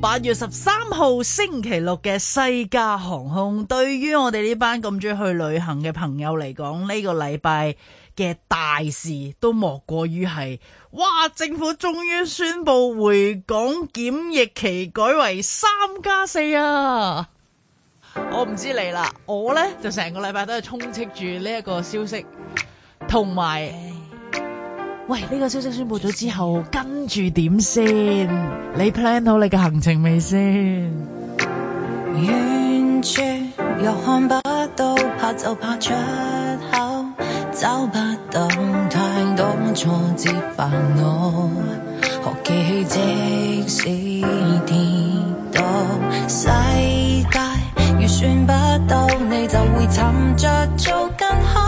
八月十三號星期六嘅西加航空，對於我哋呢班咁中意去旅行嘅朋友嚟講，呢個禮拜嘅大事都莫過於係，哇！政府終於宣布回港檢疫期改為三加四啊！我唔知你啦，我呢就成個禮拜都係充斥住呢一個消息，同埋。喂，呢、這個消息宣布咗之後，跟住點先？你 plan 好你嘅行程未先？遠處又看不到，怕就怕出口找不到，太多挫折煩惱。學記起即使跌倒，世界預算不到，你就會沉着做更好。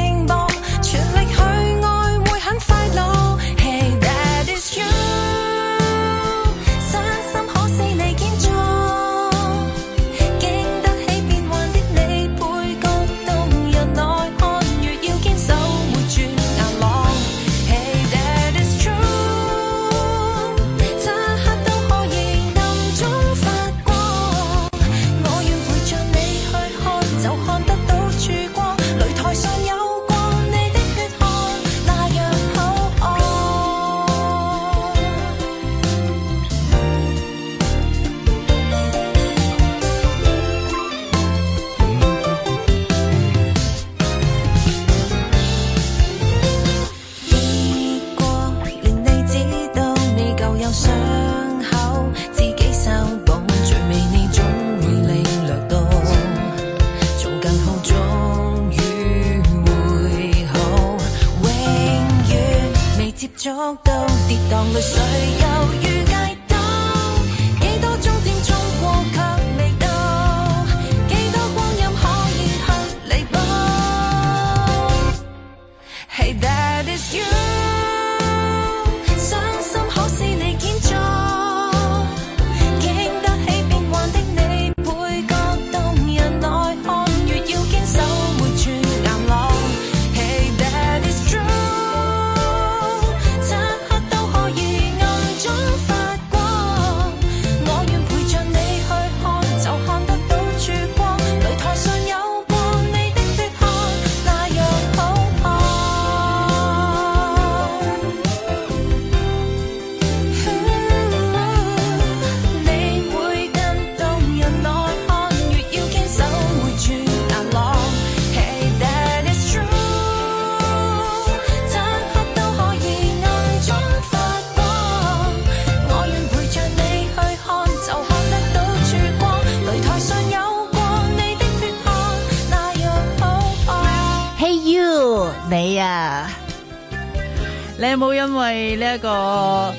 一個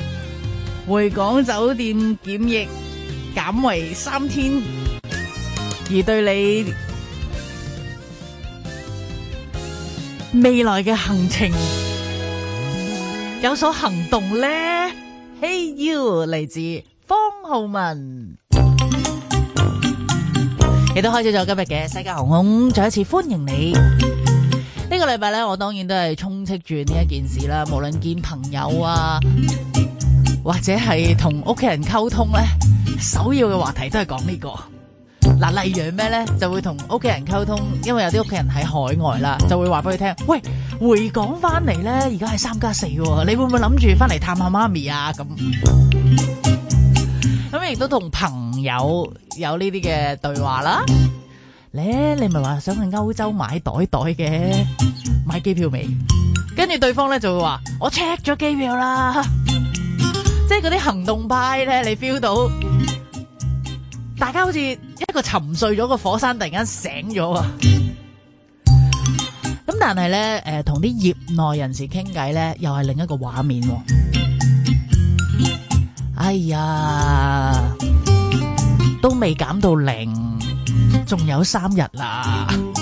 回港酒店檢疫減為三天，而對你未來嘅行程有所行動咧？Hey you，嚟自方浩文，亦都開始咗今日嘅西加航空，再一次歡迎你。呢、這個禮拜咧，我當然都係傾住呢一件事啦，無論見朋友啊，或者係同屋企人溝通咧，首要嘅話題都係講呢個。嗱，例如樣咩咧，就會同屋企人溝通，因為有啲屋企人喺海外啦，就會話俾佢聽，喂，回港翻嚟咧，而家係三加四，你會唔會諗住翻嚟探下媽咪啊？咁咁亦都同朋友有呢啲嘅對話啦。咧，你咪話想去歐洲買袋袋嘅，買機票未？跟住對方咧就會話：我 check 咗機票啦，即係嗰啲行動派咧，你 feel 到大家好似一個沉睡咗個火山，突然間醒咗啊！咁但係咧，呃，同啲業內人士傾偈咧，又係另一個畫面喎、哦。哎呀，都未減到零，仲有三日啦～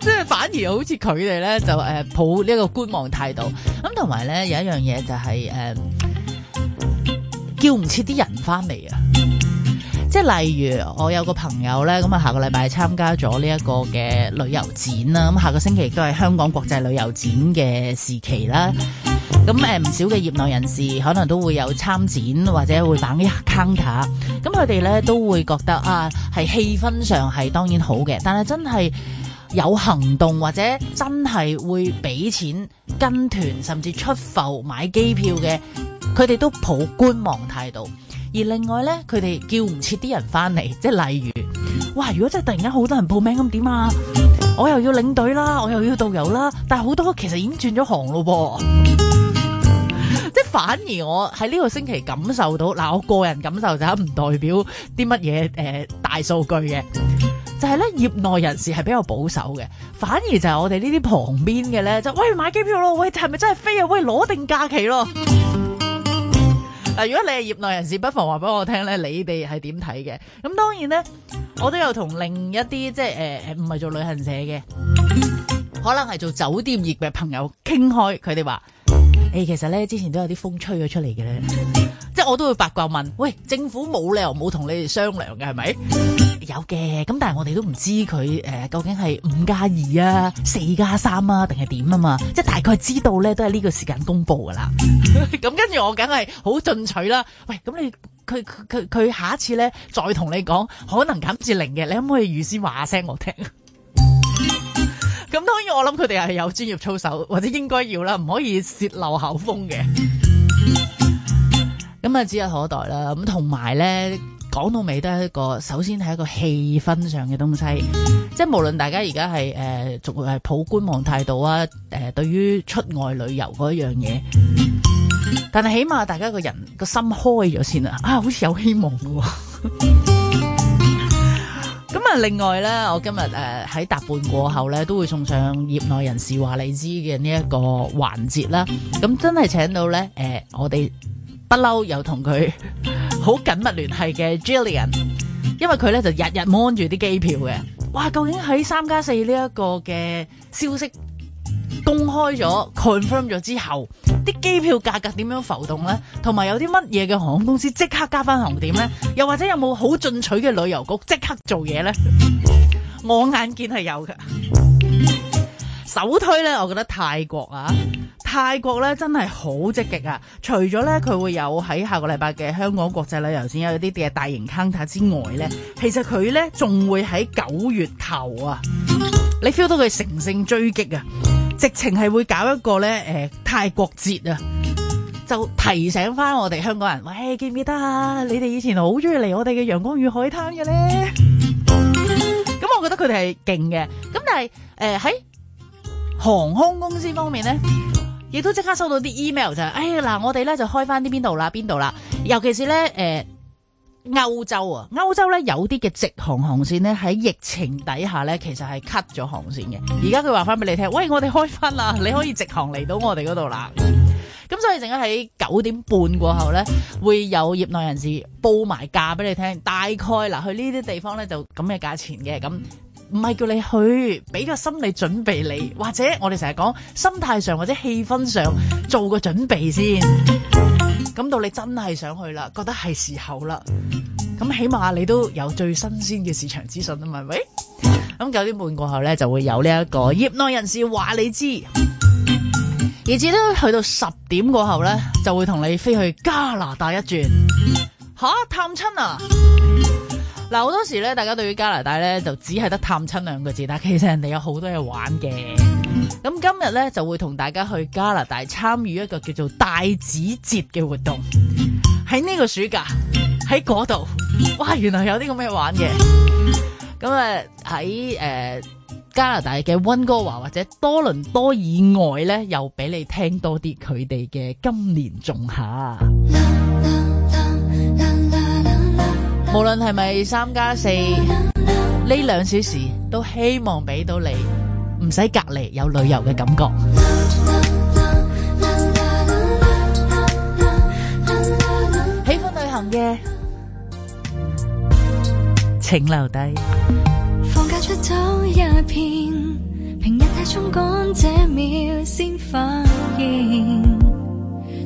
即 係反而好似佢哋咧，就誒、呃、抱呢個觀望態度。咁同埋咧，有一樣嘢就係、是、誒、呃，叫唔切啲人翻嚟啊！即係例如我有個朋友咧，咁啊下個禮拜參加咗呢一個嘅旅遊展啦。咁下個星期都係、嗯、香港國際旅遊展嘅時期啦。咁誒唔少嘅業內人士可能都會有參展或者會擺啲 counter。咁佢哋咧都會覺得啊，係氣氛上係當然好嘅，但係真係。有行動或者真係會俾錢跟團，甚至出埠買機票嘅，佢哋都抱觀望態度。而另外呢，佢哋叫唔切啲人翻嚟，即係例如，哇！如果真係突然間好多人報名咁點啊？我又要領隊啦，我又要導遊啦。但係好多人其實已經轉咗行咯噃。即 係反而我喺呢個星期感受到嗱、呃，我個人感受就唔代表啲乜嘢大數據嘅。就係咧，業內人士係比較保守嘅，反而就係我哋呢啲旁邊嘅咧，就喂，買機票咯，喂，係咪真係飛啊？喂，攞定假期咯。嗱， 如果你係業內人士，不妨話俾我聽咧，你哋係點睇嘅？咁當然咧，我都有同另一啲即係誒唔係做旅行社嘅，可能係做酒店業嘅朋友傾開，佢哋話誒其實咧之前都有啲風吹咗出嚟嘅咧。 即係我都會八卦問，喂，政府冇理由冇同你哋商量嘅係咪？有嘅，咁但係我哋都唔知佢誒、呃，究竟係五加二啊，四加三啊，定係點啊嘛？即係大概知道咧，都係呢個時間公布噶啦。咁 跟住我梗係好進取啦。喂，咁你佢佢佢下一次咧再同你講，可能減至零嘅，你可唔可以預先話聲我聽？咁 當然我諗佢哋係有專業操守，或者應該要啦，唔可以泄漏口風嘅。 咁啊，指日可待啦。咁同埋咧，講到尾都係一個首先係一個氣氛上嘅東西，即係無論大家而家係誒，仲、呃、係抱觀望態度啊。誒、呃，對於出外旅遊嗰樣嘢，但係起碼大家個人個心開咗先啦。啊，好似有希望喎。咁啊，另外咧，我今日誒喺答半過後咧，都會送上業內人士話你知嘅呢一個環節啦。咁真係請到咧誒、呃，我哋。不嬲又同佢好緊密聯繫嘅 Jillian，因為佢咧就日日 mon 住啲機票嘅。哇，究竟喺三加四呢一個嘅消息公開咗 confirm 咗之後，啲機票價格點樣浮動咧？同埋有啲乜嘢嘅航空公司即刻加翻航點咧？又或者有冇好進取嘅旅遊局即刻做嘢咧？我眼見係有㗎。首推咧，我覺得泰國啊，泰國咧真係好積極啊！除咗咧佢會有喺下個禮拜嘅香港國際旅遊展有啲啲嘅大型 counter 之外咧，其實佢咧仲會喺九月頭啊，你 feel 到佢乘勝追擊啊，直情係會搞一個咧、呃、泰國節啊，就提醒翻我哋香港人，喂記唔記得啊？你哋以前好中意嚟我哋嘅陽光與海灘嘅咧，咁我覺得佢哋係勁嘅，咁但係呃喺。航空公司方面咧，亦都即刻收到啲 email 就係，哎，嗱，我哋咧就開翻啲邊度啦，邊度啦，尤其是咧，誒、呃、歐洲啊，歐洲咧有啲嘅直航航線咧喺疫情底下咧，其實係 cut 咗航線嘅。而家佢話翻俾你聽，喂，我哋開翻啦，你可以直航嚟到我哋嗰度啦。咁所以，陣間喺九點半過後咧，會有業內人士報埋價俾你聽，大概嗱去呢啲地方咧就咁嘅價錢嘅咁。唔係叫你去，俾個心理準備你，或者我哋成日講心態上或者氣氛上做個準備先，咁到你真係想去啦，覺得係時候啦，咁起碼你都有最新鮮嘅市場資訊啊嘛？喂，咁九點半過後呢就會有呢一個業內人士話你知，而至都去到十點過後呢就會同你飛去加拿大一轉，吓探親啊！.嗱，好多時咧，大家對於加拿大咧就只係得探親兩個字，但其實人哋有好多嘢玩嘅。咁 今日咧就會同大家去加拿大參與一個叫做大指節嘅活動，喺呢個暑假喺嗰度，哇，原來有啲咁嘅嘢玩嘅。咁啊喺誒加拿大嘅溫哥華或者多倫多以外咧，又俾你聽多啲佢哋嘅今年仲夏。 無論係咪三加四，呢兩小時都希望俾到你唔使隔離有旅遊嘅感覺。喜歡旅行嘅，請留低。放假出走一遍，平日太衝趕，這秒先發現。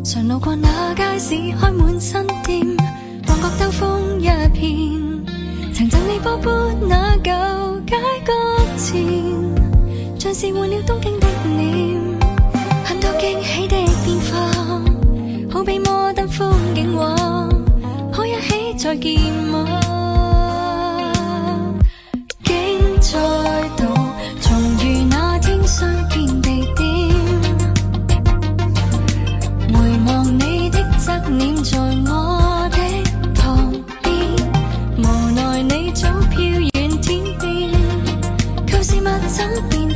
常路過那街市，開滿新店。感覺兜風一片，曾贈你波板那舊街角前，像是換了東京的臉，很多驚喜的變化，好比摩登風景畫，可一起再見嗎？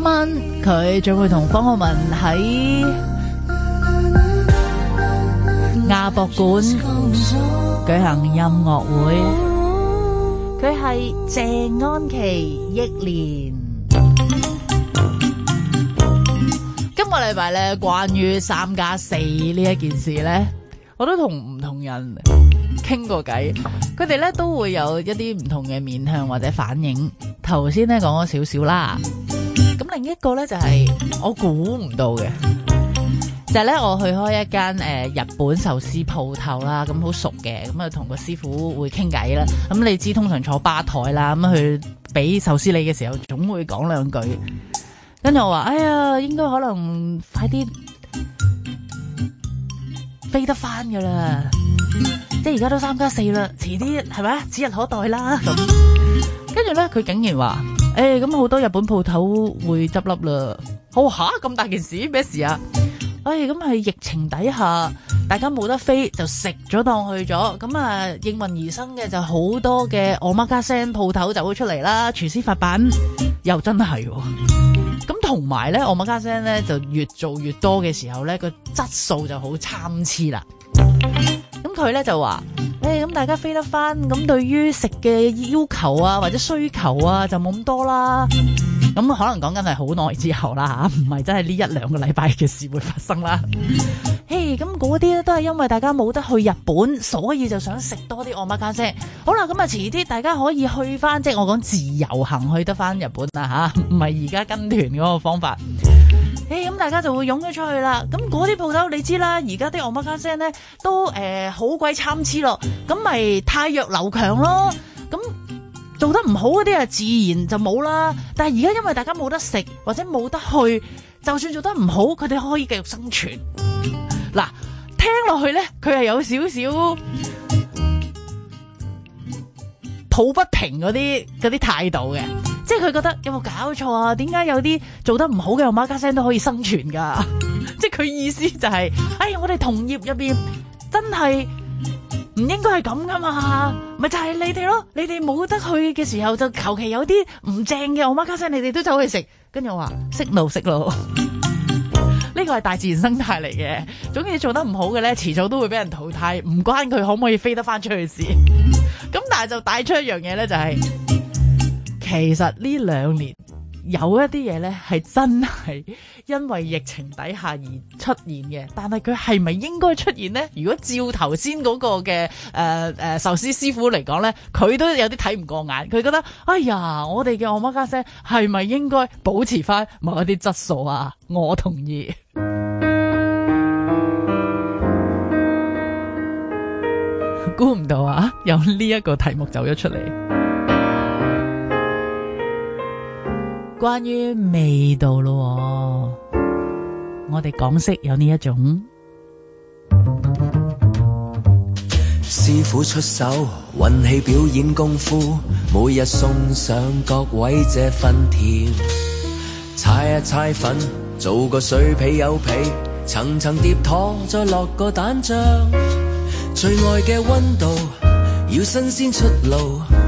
今晚佢仲會同方浩文喺亞博館舉行音樂會。佢係謝安琪、憶蓮。今個禮拜咧，關於三加四呢一件事咧，我都同唔同人傾過偈，佢哋咧都會有一啲唔同嘅面向或者反應。頭先咧講咗少少啦。咁另一個咧就係我估唔到嘅，就係、是、咧我去開一間誒日本壽司鋪頭啦，咁好熟嘅，咁啊同個師傅會傾偈啦。咁你知通常坐吧台啦，咁佢俾壽司你嘅時候，總會講兩句。跟住我話，哎呀，應該可能快啲飛得翻噶啦，即係而家都三加四啦，遲啲係咪啊？指日可待啦。咁跟住咧，佢竟然話。誒、哎，咁好多日本鋪頭會執笠啦！好、哦，吓，咁大件事咩事啊？誒、哎，咁喺疫情底下，大家冇得飛就食咗當去咗，咁啊應運而生嘅就好多嘅 Omakase 鋪頭就會出嚟啦，廚師發辦又真係、哦，咁同埋咧 Omakase 咧就越做越多嘅時候咧個質素就好參差啦。佢咧就話，誒、欸，咁大家飛得翻，咁對於食嘅要求啊或者需求啊就冇咁多啦，咁可能講緊係好耐之後啦吓，唔係真係呢一兩個禮拜嘅事會發生啦。嘿，咁嗰啲咧都係因為大家冇得去日本，所以就想食多啲。我乜家聲，好啦，咁啊遲啲大家可以去翻即係我講自由行去得翻日本啦吓，唔係而家跟團嗰個方法。誒、哎，咁大家就會湧咗出去那那啦。咁嗰啲鋪頭你知啦，而家啲奧馬卡些咧，都誒好鬼參差咯。咁咪汰弱留強咯。咁做得唔好嗰啲啊，自然就冇啦。但係而家因為大家冇得食或者冇得去，就算做得唔好，佢哋可以繼續生存。嗱，聽落去咧，佢係有少少抱不平嗰啲嗰啲態度嘅。即係佢覺得有冇搞錯啊？點解有啲做得唔好嘅我媽家聲都可以生存噶？即係佢意思就係、是，哎呀，我哋同業入邊真係唔應該係咁噶嘛？咪就係、是、你哋咯，你哋冇得去嘅時候就求其有啲唔正嘅我媽家聲，你哋都走去食。跟住我話識路識路，呢個係大自然生態嚟嘅。總之你做得唔好嘅咧，遲早都會俾人淘汰。唔關佢可唔可以飛得翻出去事。咁但係就帶出一樣嘢咧，就係。其實呢兩年有一啲嘢呢係真係因為疫情底下而出現嘅，但係佢係咪應該出現呢？如果照頭先嗰個嘅誒誒壽司師傅嚟講呢，佢都有啲睇唔過眼，佢覺得哎呀，我哋嘅按摩家姐係咪應該保持翻某一啲質素啊？我同意，估唔 到啊，有呢一個題目走咗出嚟。關於味道咯，我哋港式有呢一種。師傅出手運氣表演功夫，每日送上各位這份甜。踩一踩粉，做個水皮油皮，層層疊妥再落個蛋漿。最愛嘅溫度，要新鮮出爐。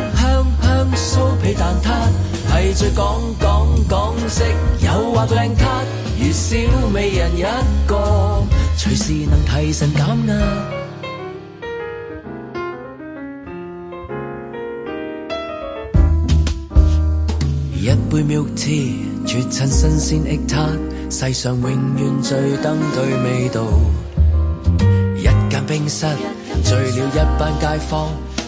酥皮蛋撻係最講講講食有滑靚撻如小美人一個，隨時能提神減壓、啊。 一杯 milk tea 絕襯新鮮撻，世上永遠最登對味道。一間冰室 醉了一班街坊。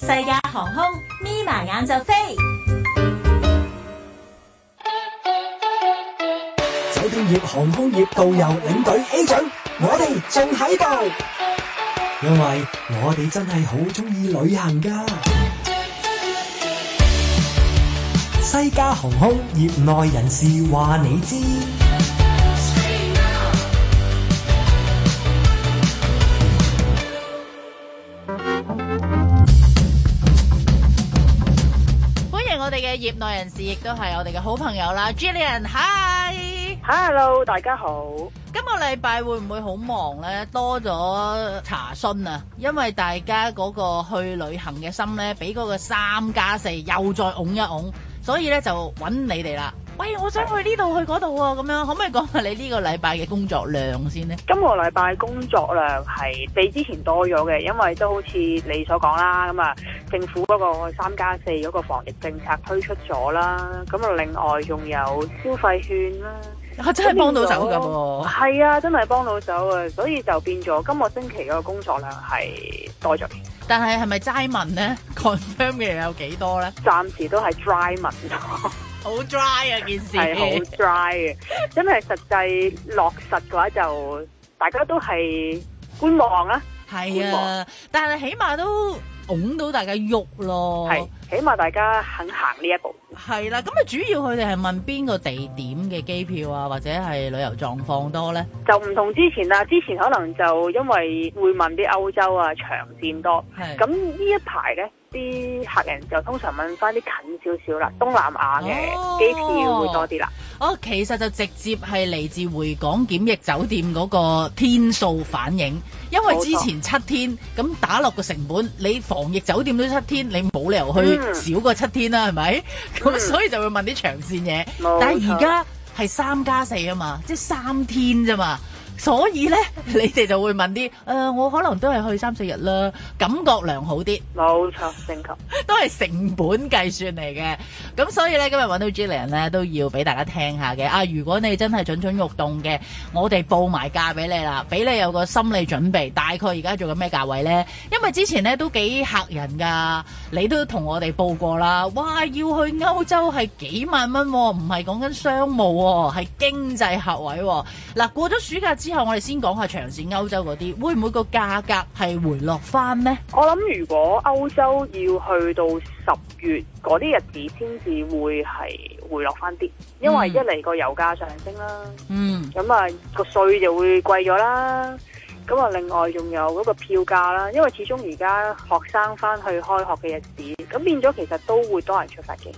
西加航空眯埋眼就飛，酒店業、航空業導遊領隊 A 準，我哋仲喺度，因為我哋真係好中意旅行噶。西加航空業內人士話你知。業內人士亦都係我哋嘅好朋友啦，Jillian，Hi，Hello，大家好。今個禮拜會唔會好忙呢？多咗查詢啊，因為大家嗰個去旅行嘅心呢，俾嗰個三加四又再拱一拱，所以呢，就揾你哋啦。喂，我想去呢度去嗰度啊，咁樣可唔可以講下你呢個禮拜嘅工作量先呢？今個禮拜工作量係比之前多咗嘅，因為都好似你所講啦，咁啊政府嗰個三加四嗰個防疫政策推出咗啦，咁啊另外仲有消費券啦，啊，真係幫到手咁喎，係啊真係幫到手啊，所以就變咗今個星期個工作量係多咗。但係係咪齋問呢？Confirm 嘅有幾多呢？暫時都係齋問好 dry 啊，件事，係好 dry 嘅，真 係實際落實嘅話就大家都係觀望啊，係啊，觀望，但係起碼都拱到大家喐咯，係，起碼大家肯行呢一步，係啦，啊，咁啊主要佢哋係問邊個地點嘅機票啊或者係旅遊狀況多咧，就唔同之前啦，之前可能就因為會問啲歐洲啊長線多，係，咁呢一排咧。啲客人就通常問翻啲近少少啦，東南亞嘅機票會多啲啦、哦。哦，其實就直接係嚟自回港檢疫酒店嗰個天數反映，因為之前七天咁打落個成本，你防疫酒店都七天，你冇理由去少過七天啦，係、嗯、咪？咁所以就會問啲長線嘢，但係而家係三加四啊嘛，即係三天啫嘛。所以呢，你哋就會問啲，誒、呃，我可能都係去三四日啦，感覺良好啲，冇錯，升級都係成本計算嚟嘅。咁所以呢，今日揾到 Jillian 咧，都要俾大家聽下嘅。啊，如果你真係蠢蠢欲動嘅，我哋報埋價俾你啦，俾你有個心理準備。大概而家做緊咩價位呢？因為之前呢，都幾嚇人㗎，你都同我哋報過啦，哇，要去歐洲係幾萬蚊喎、啊，唔係講緊商務喎、啊，係經濟客位喎、啊。嗱、啊，過咗暑假之後之後我哋先講下長線歐洲嗰啲，會唔會個價格係回落翻？呢我諗如果歐洲要去到十月嗰啲日子，先至會係回落翻啲，因為一嚟個油價上升啦，嗯，咁啊個稅就會貴咗啦，咁啊另外仲有嗰個票價啦，因為始終而家學生翻去開學嘅日子，咁變咗其實都會多人出發嘅，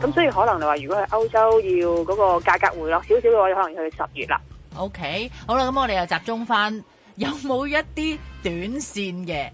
咁、哦、所以可能你話如果係歐洲要嗰個價格回落少少嘅話，可能要去十月啦。O、okay, K，好啦，咁我哋又集中翻，有冇一啲短線嘅，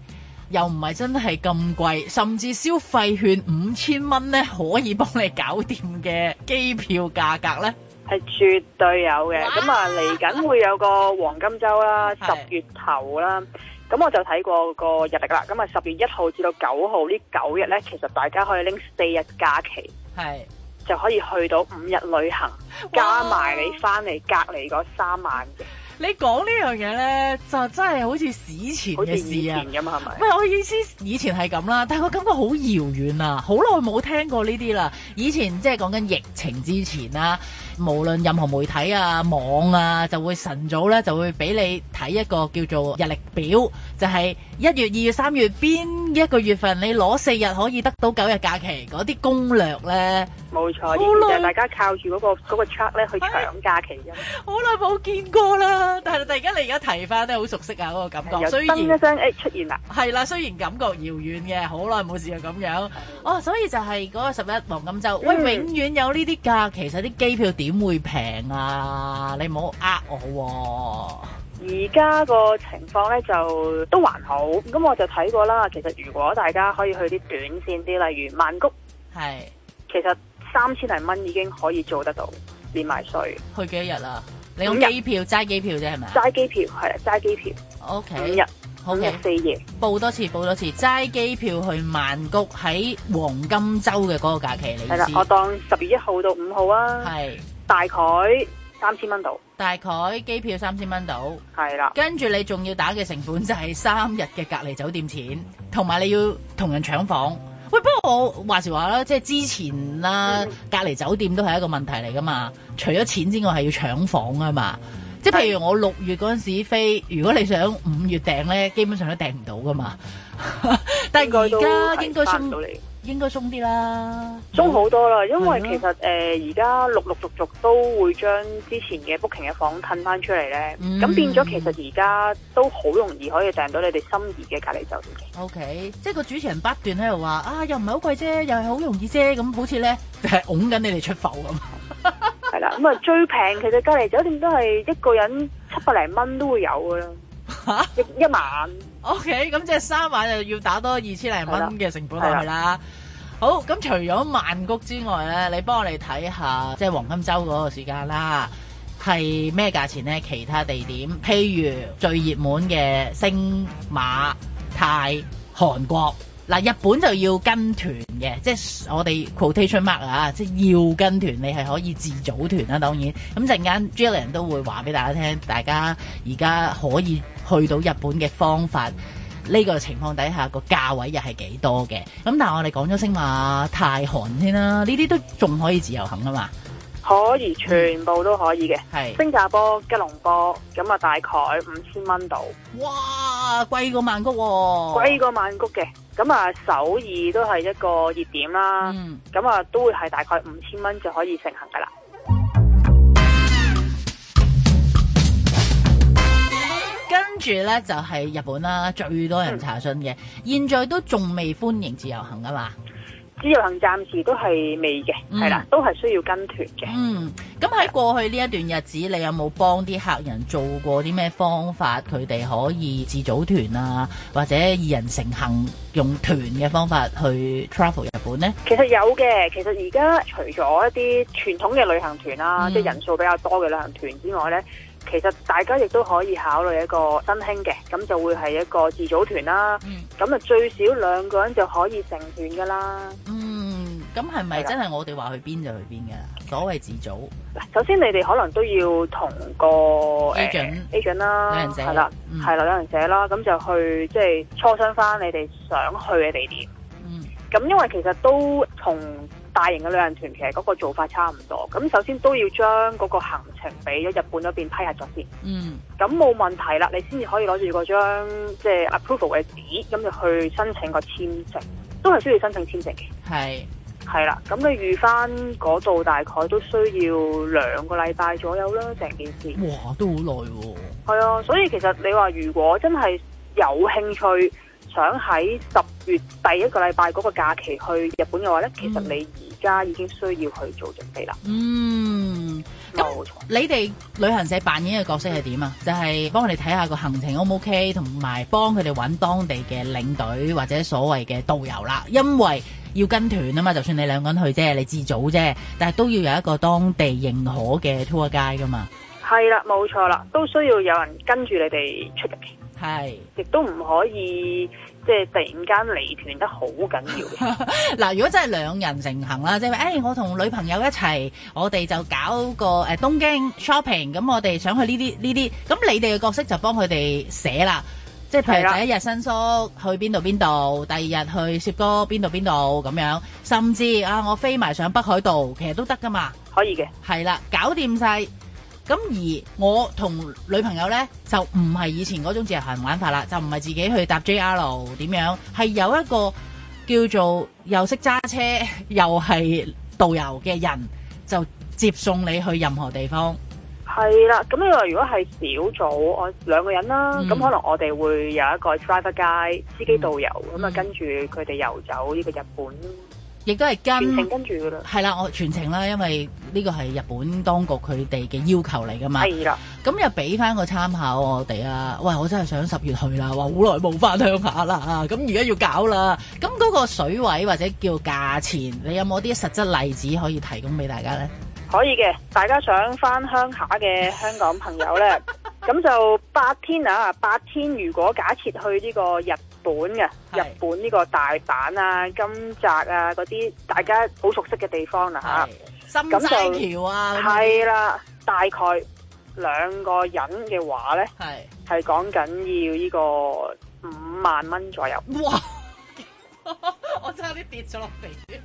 又唔係真係咁貴，甚至消費券五千蚊咧可以幫你搞掂嘅機票價格呢？係絕對有嘅，咁啊嚟緊、啊、會有個黃金周啦，十 月頭啦，咁我就睇過個日曆啦，咁啊十月一號至到九號呢九日呢，其實大家可以拎四日假期。係。就可以去到五日旅行，加埋你翻嚟隔離嗰三晚嘅。你講呢樣嘢呢，就真係好似史前嘅事咁。係咪，我意思以前係咁啦，但係我感覺好遙遠啊，好耐冇聽過呢啲啦。以前即係講緊疫情之前啦，無論任何媒體啊、網啊，就會晨早呢就會俾你睇一個叫做日曆表，就係一月、二月、三月，邊一個月份你攞四日可以得到九日假期嗰啲攻略呢。冇錯，就係、大家靠住嗰、嗰個 check、嗰個、咧去搶假期啫。好耐冇見過啦，但係突然間你而家提翻都好熟悉啊嗰、嗰個感覺。突然一聲、欸、出現啦，係啦，雖然感覺遙遠嘅，好耐冇試過咁樣。哦，所以就係嗰個十一黃金週，喂，嗯、永遠有呢啲假，其實啲機票點會平啊？你唔好呃我喎、啊。而家個情況咧就都還好，咁我就睇過啦。其實如果大家可以去啲短線啲，例如曼谷，係其實。三千零蚊已經可以做得到，連埋稅。去幾多日啦、啊？你日。機票，齋機票啫係咪？齋機票係，齋機票。O K。日好，K。Okay, okay, 天四夜。報多次，報多次，齋機票去曼谷喺黃金週嘅嗰個假期，嚟。係啦，我當十月一號到五號啊。係。大概三千蚊度。大概機票三千蚊度。係啦。跟住你仲要打嘅成本就係三日嘅隔離酒店錢，同埋你要同人搶房。不過我話時話啦，即係之前啦、啊，隔離酒店都係一個問題嚟噶嘛。除咗錢之外，係要搶房啊嘛。即係譬如我六月嗰陣時飛，如果你想五月訂咧，基本上都訂唔到噶嘛。 但係而家應該出嚟。應該鬆啲啦，鬆好多啦，嗯，因為其實誒而家陸陸續續都會將之前嘅 Booking 嘅房褪翻出嚟咧，咁，嗯，變咗其實而家都好容易可以訂到你哋心儀嘅隔離酒店。O，okay, K，即係個主持人不斷喺度話啊，又唔係好貴啫，又係好容易啫，咁好呢，就是，似咧，係拱緊你哋出埠咁，係 啦，咁啊最平其實隔離酒店都係一個人七百零蚊都會有噶啦。吓一萬，O K，咁即係三萬就要打多二千零蚊嘅成本落去啦？好，咁除咗曼谷之外咧，你幫我哋睇下即係、就是、黃金周嗰個時間啦，係咩價錢咧？其他地點，譬如最熱門嘅星馬泰、韓國。嗱，日本就要跟團嘅，即、就、係、是、我哋 quotation mark 啊，即係要跟團，你係可以自組團啦、啊。當然，咁陣間 Jillian 都會話俾大家聽，大家而家可以去到日本嘅方法。呢、這個情況底下個價位又係幾多嘅？咁但係我哋講咗星馬泰韓先啦，呢啲都仲可以自由行啊嘛，可以全部都可以嘅。係、嗯、新加坡、吉隆坡，咁啊大概五千蚊度。哇，貴過曼谷喎、哦，貴過曼谷嘅。咁啊，首爾都係一個熱點啦，咁、嗯、啊都會係大概五千蚊就可以成行噶啦、嗯。跟住呢，就係、是、日本啦，最多人查詢嘅，現在都仲未歡迎自由行啊嘛。自由行暫時都係未嘅，係、嗯、啦，都係需要跟團嘅。嗯，咁喺過去呢一段日子，你有冇幫啲客人做過啲咩方法，佢哋可以自組團啊，或者二人成行用團嘅方法去 travel 日本呢？其實有嘅，其實而家除咗一啲傳統嘅旅行團啦、啊嗯，即係人數比較多嘅旅行團之外呢。其實大家亦都可以考慮一個新興嘅，咁就會係一個自組團啦。咁、嗯、啊最少兩個人就可以成團噶、嗯呃、啦，啦。嗯，咁係咪真係我哋話去邊就去邊噶？所謂自組，嗱，首先你哋可能都要同個 agent agent 啦，係啦，係啦，旅行社啦，咁、嗯、就去即係磋商翻你哋想去嘅地點。嗯，咁因為其實都同大型嘅旅行團其實嗰個做法差唔多，咁首先都要將嗰個行程俾咗日本嗰邊批核咗先。嗯，咁冇問題啦，你先至可以攞住嗰張即係、就是、approval 嘅紙，咁就去申請個簽證，都係需要申請簽證嘅。係，係啦，咁你預翻嗰度大概都需要兩個禮拜左右啦，成件事。哇，都好耐喎。係啊，所以其實你話如果真係有興趣。想喺十月第一個禮拜嗰個假期去日本嘅話呢、嗯、其實你而家已經需要去做準備啦。嗯，你哋旅行社扮演嘅角色係點啊？就係、是、幫我哋睇下個行程 O 唔 OK，同埋幫佢哋揾當地嘅領隊或者所謂嘅導遊啦。因為要跟團啊嘛，就算你兩個人去啫，你自組啫，但係都要有一個當地認可嘅 tour guide 噶嘛。係啦，冇錯啦，都需要有人跟住你哋出嚟。係，亦都唔可以即係突然間離團得好緊要。嗱，如果真係兩人成行啦，即係話，誒，我同女朋友一齊，我哋就搞個誒東京 shopping，咁我哋想去呢啲呢啲，咁你哋嘅角色就幫佢哋寫啦，即係譬如第一日新宿去邊度邊度，第二日去涉谷邊度邊度咁樣，甚至啊，我飛埋上北海道，其實都得噶嘛，可以嘅，係啦，搞掂晒。咁而我同女朋友咧就唔係以前嗰種自由行玩法啦，就唔係自己去搭 JR 點樣，係有一個叫做又識揸車又係導遊嘅人就接送你去任何地方。係啦，咁呢個如果係小組我兩個人啦，咁、嗯、可能我哋會有一個 driver guide，司機導遊，咁、嗯、啊跟住佢哋遊走呢個日本。亦都係跟全程跟住噶啦，係啦，我全程啦，因為呢個係日本當局佢哋嘅要求嚟噶嘛。係啦，咁又俾翻個參考我哋呀。喂，我真係想十月去啦，話好耐冇翻鄉下啦。咁而家要搞啦，咁嗰個水位或者叫價錢，你有冇啲實質例子可以提供俾大家呢？可以嘅，大家想翻鄉下嘅香港朋友呢，咁 就八天啊，八天。如果假設去呢個日本嘅日本呢個大阪啊、金澤啊嗰啲大家好熟悉嘅地方啦嚇，心齋橋啊，係啦，大概兩個人嘅話咧，係係講緊要呢個五萬蚊左右。哇！我差啲跌咗落嚟，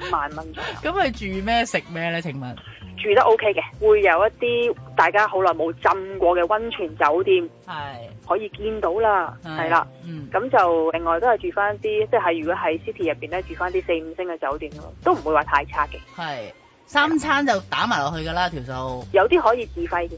五萬蚊左右。咁你住咩食咩咧？請問住得 OK 嘅，會有一啲大家好耐冇浸過嘅溫泉酒店。係。可以見到啦，係啦，咁、嗯、就另外都係住翻啲，即、就、係、是、如果喺 city 入邊咧住翻啲四五星嘅酒店咯，都唔會話太差嘅。係，三餐就打埋落去㗎啦，條數有啲可以自費嘅。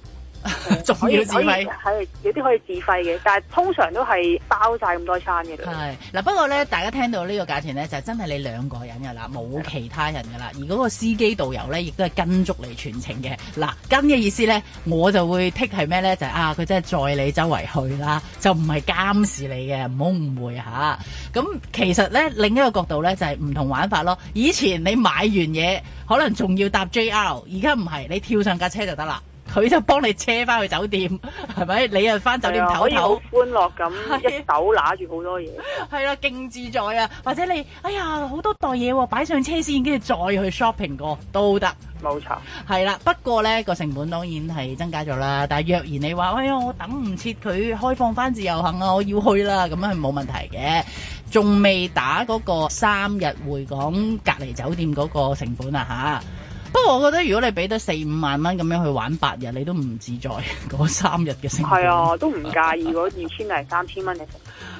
仲 要自費係，有啲可以自費嘅，但係通常都係包晒咁多餐嘅。係嗱，不過咧，大家聽到個價呢個價錢咧，就是、真係你兩個人噶啦，冇其他人噶啦，而嗰個司機導遊咧，亦都係跟足你全程嘅。嗱，跟嘅意思咧，我就會剔係咩咧？就係、是、啊，佢真係載你周圍去啦，就唔係監視你嘅，唔好誤會吓。咁其實咧，另一個角度咧，就係、是、唔同玩法咯。以前你買完嘢，可能仲要搭 JR，而家唔係，你跳上架車就得啦。佢就幫你車翻去酒店，係咪？你又翻酒店唞唞、啊，可以好歡樂咁、啊、一手拿住好多嘢。係啦、啊，勁自在啊！或者你，哎呀，好多袋嘢喎，擺上車先，跟住再去 shopping 過都得。冇錯。係啦、啊，不過呢個成本當然係增加咗啦。但係若然你話，哎呀，我等唔切佢開放翻自由行啊，我要去啦，咁樣係冇問題嘅。仲未打嗰個三日回港隔離酒店嗰個成本啊吓。不過我覺得如果你俾得四五萬蚊咁樣去玩八日，你都唔自在嗰 三日嘅升。係啊，都唔介意嗰二千定係三千蚊嘅。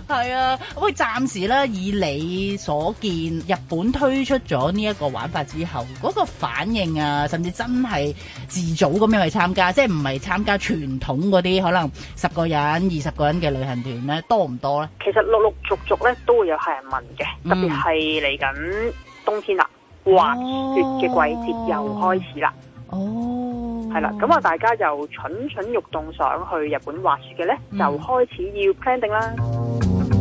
係 啊，喂，暫時咧以你所見，日本推出咗呢一個玩法之後，嗰、嗰個反應啊，甚至真係自組咁樣去參加，即係唔係參加傳統嗰啲可能十個人、二十個人嘅旅行團咧，多唔多咧？其實陸陸續續咧都會有客人問嘅、嗯，特別係嚟緊冬天啦。滑雪嘅季節又開始啦，哦，係啦，咁啊，大家就蠢蠢欲動想去日本滑雪嘅呢，就開始要 planning 啦、嗯。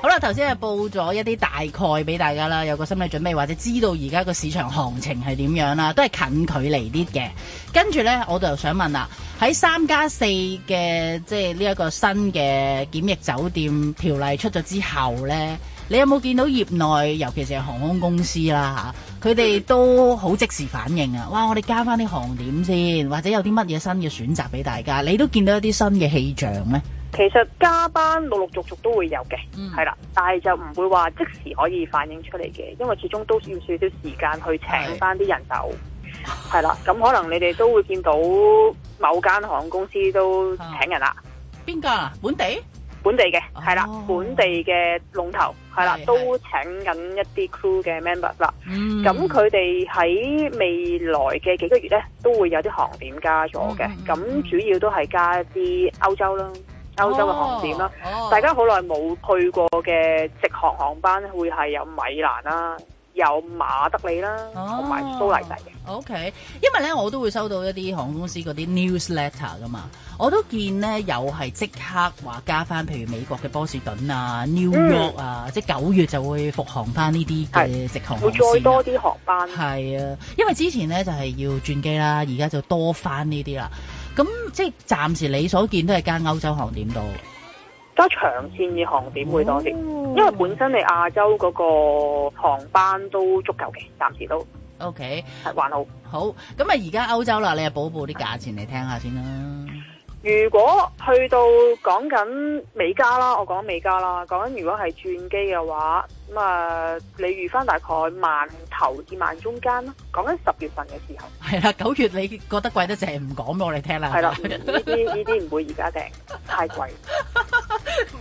好啦，頭先係報咗一啲大概俾大家啦，有個心理準備或者知道而家個市場行情係點樣啦，都係近距離啲嘅。跟住呢，我就想問啦，喺三加四嘅即係呢一個新嘅檢疫酒店條例出咗之後呢。你有冇見到業內，尤其是航空公司啦，吓，佢哋都好即時反應啊！哇，我哋加翻啲航點先，或者有啲乜嘢新嘅選擇俾大家，你都見到一啲新嘅氣象咩？其實加班陸陸續續都會有嘅，係、嗯、啦，但係就唔會話即時可以反映出嚟嘅，因為始終都要少少時間去請翻啲人手，係啦。咁可能你哋都會見到某間航空公司都請人啦，邊、啊、個、啊、本地？本地嘅係啦，oh, 本地嘅龍頭係啦，is, 都請緊一啲 crew 嘅 member 啦。咁佢哋喺未來嘅幾個月呢，都會有啲航點加咗嘅。咁、um, um, 主要都係加一啲歐洲啦，歐洲嘅航點啦。Oh, oh. 大家好耐冇去過嘅直航航班，會係有米蘭啦。有馬德里啦，同埋蘇黎世。OK，因為咧我都會收到一啲航空公司嗰啲 news letter 噶嘛，我都見咧又係即刻話加翻，譬如美國嘅波士頓啊、New York 啊，嗯、即係九月就會復航翻呢啲嘅直航會會再多啲航班。係啊，因為之前咧就係、是、要轉機啦，而家就多翻呢啲啦。咁即係暫時你所見都係加歐洲航點到加長線嘅航點會多啲，oh. 因為本身你亞洲嗰個航班都足夠嘅，暫時都 OK，係還好好。咁啊，而家歐洲啦，你啊補補啲價錢嚟、嗯、聽下先啦。如果去到講緊美加啦，我講美加啦，講緊如果係轉機嘅話，咁、嗯、啊，你預返大概萬頭至萬中間咯，講緊十月份嘅時候。係啦，九月你覺得貴得剩，唔講俾我哋聽啦。係啦，呢啲呢啲唔會而家訂，太貴。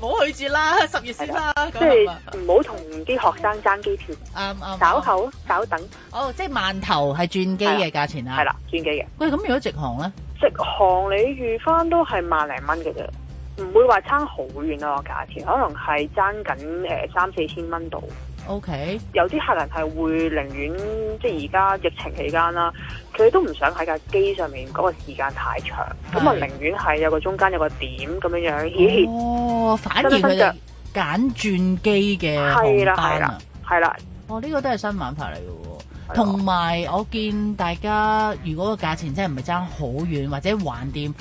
唔 好 去住啦，十月先啦。即係唔好同啲學生爭機票。啱啱。稍後，稍後等。哦、oh，即係萬頭係轉機嘅價錢啦。係啦，轉機嘅。喂，咁如果直航咧？直航你預翻都係萬零蚊嘅啫，唔會話差好遠咯、啊。價錢可能係爭緊三四千蚊度。O、okay. K，有啲客人係會寧願即而家疫情期間啦，佢哋都唔想喺架機上面嗰個時間太長，咁啊寧願係有個中間有個點咁樣樣。咦？哦，反而佢哋揀轉機嘅航班、啊。係啦，係啦，係啦。哦，呢、這個都係新玩法嚟嘅喎同埋我見大家，如果個價錢真係唔係爭好遠，或者橫掂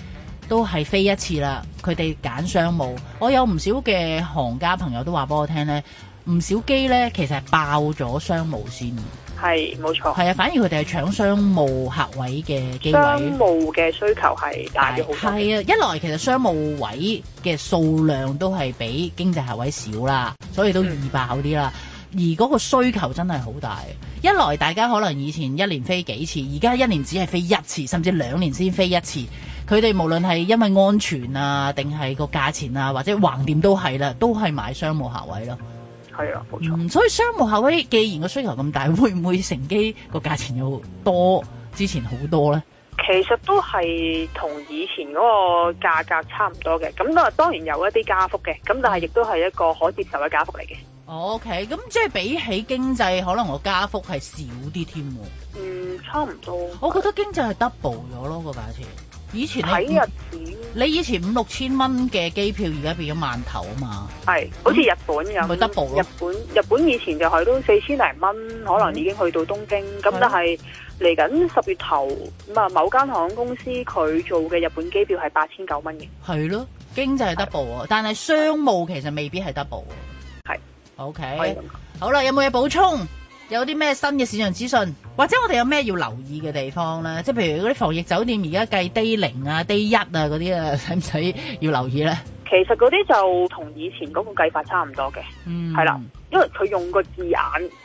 都係飛一次啦。佢哋揀商務，我有唔少嘅行家朋友都話畀我聽呢唔少機,機呢，其實係爆咗商務先嘅，係冇錯，係啊，反而佢哋係搶商務客位嘅機位，商務嘅需求係大咗好多。係啊，一來其實商務位嘅數量都係比經濟客位少啦，所以都易爆啲啦。嗯而嗰個需求真係好大，一來大家可能以前一年飛幾次，而家一年只係飛一次，甚至兩年先飛一次。佢哋無論係因為安全啊，定係個價錢啊，或者橫掂都係啦，都係買商務客位咯。係啊，冇錯。嗯，所以商務客位既然個需求咁大，會唔會乘機個價錢又多之前好多呢？其實都係同以前嗰個價格差唔多嘅，咁當當然有一啲加幅嘅，咁但係亦都係一個可接受嘅加幅嚟嘅。O K，咁即係比起經濟，可能我加幅係少啲添。嗯，差唔多。我覺得經濟係 double 咗咯，個價錢。以前喺日子。你以前五六千蚊嘅機票，而家變咗萬頭啊嘛。係，好似日本咁。咪、嗯、double 日本日本以前就係都四千零蚊，可能已經去到東京。咁、嗯、但係嚟緊十月頭啊，某間航空公司佢做嘅日本機票係八千九蚊嘅。係咯，經濟係 double 喎，但係商務其實未必係 double。Okay，好啦，有冇嘢補充？有啲咩新嘅市場資訊，或者我哋有咩要留意嘅地方咧？即係譬如嗰啲防疫酒店而家計 D 零啊、D 一啊嗰啲啊，使唔使要留意咧？其實嗰啲就同以前嗰個計法差唔多嘅，嗯，係啦，因為佢用個字眼。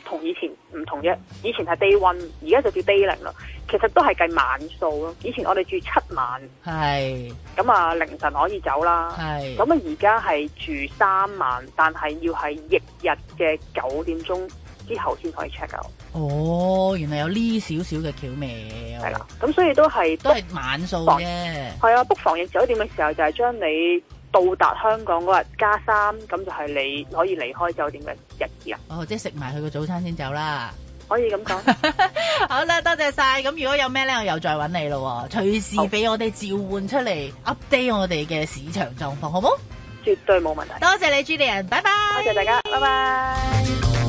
同以前唔同嘅。以前係 day one，而家就叫 day 零啦。其實都係計晚數咯。以前我哋住七晚，係咁啊凌晨可以走啦。係咁啊而家係住三晚，但係要喺翌日嘅九點鐘之後先可以 check 噶。哦，原來有呢少少嘅巧妙。係啦，咁所以都係都係晚數嘅係啊，book 房嘅酒店嘅時候就係將你。到達香港嗰日加三，咁就係你可以離開酒店嘅日子啊！哦，即係食埋佢個早餐先走啦，可以咁講。 好啦，多謝晒。咁如果有咩咧，我又再揾你咯。隨時俾我哋召喚出嚟，update 我哋嘅市場狀況，好唔好？絕對冇問題。多謝你，Julian，拜拜。多謝大家，拜拜。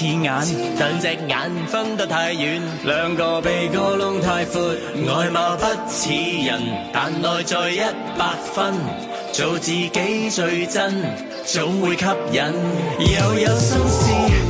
似眼，兩隻眼分得太遠，兩個鼻哥窿太闊，外貌不似人，但內在一百分，做自己最真，總會吸引，又有，有心思。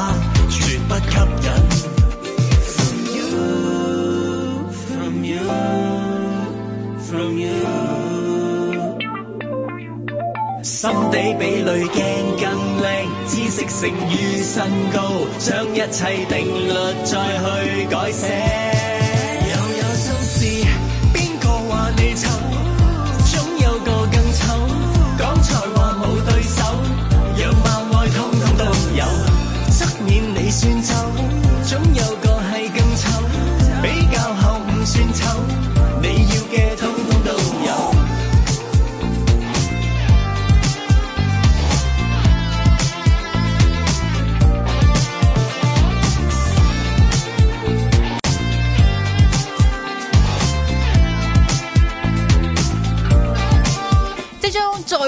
心地比濾鏡更靚，知識勝於身高，將一切定律再去改寫。又有，有心事，邊個話你醜？總有個更醜，講才話冇對手，樣貌愛通通都有。側面你算醜，總有個係更醜，比較後唔算醜。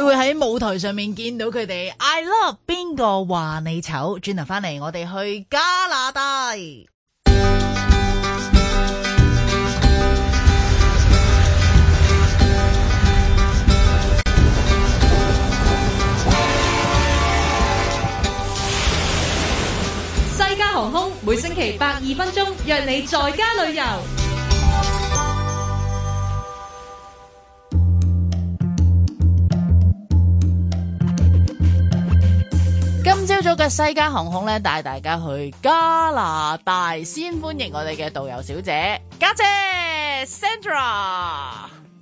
會喺舞台上面見到佢哋。I love 邊個話你醜？轉頭翻嚟，我哋去加拿大。西加航空每星期百二分鐘，約你在家旅遊。今朝早嘅西加航空咧，帶大家去加拿大，先歡迎我哋嘅導遊小姐家姐 Sandra。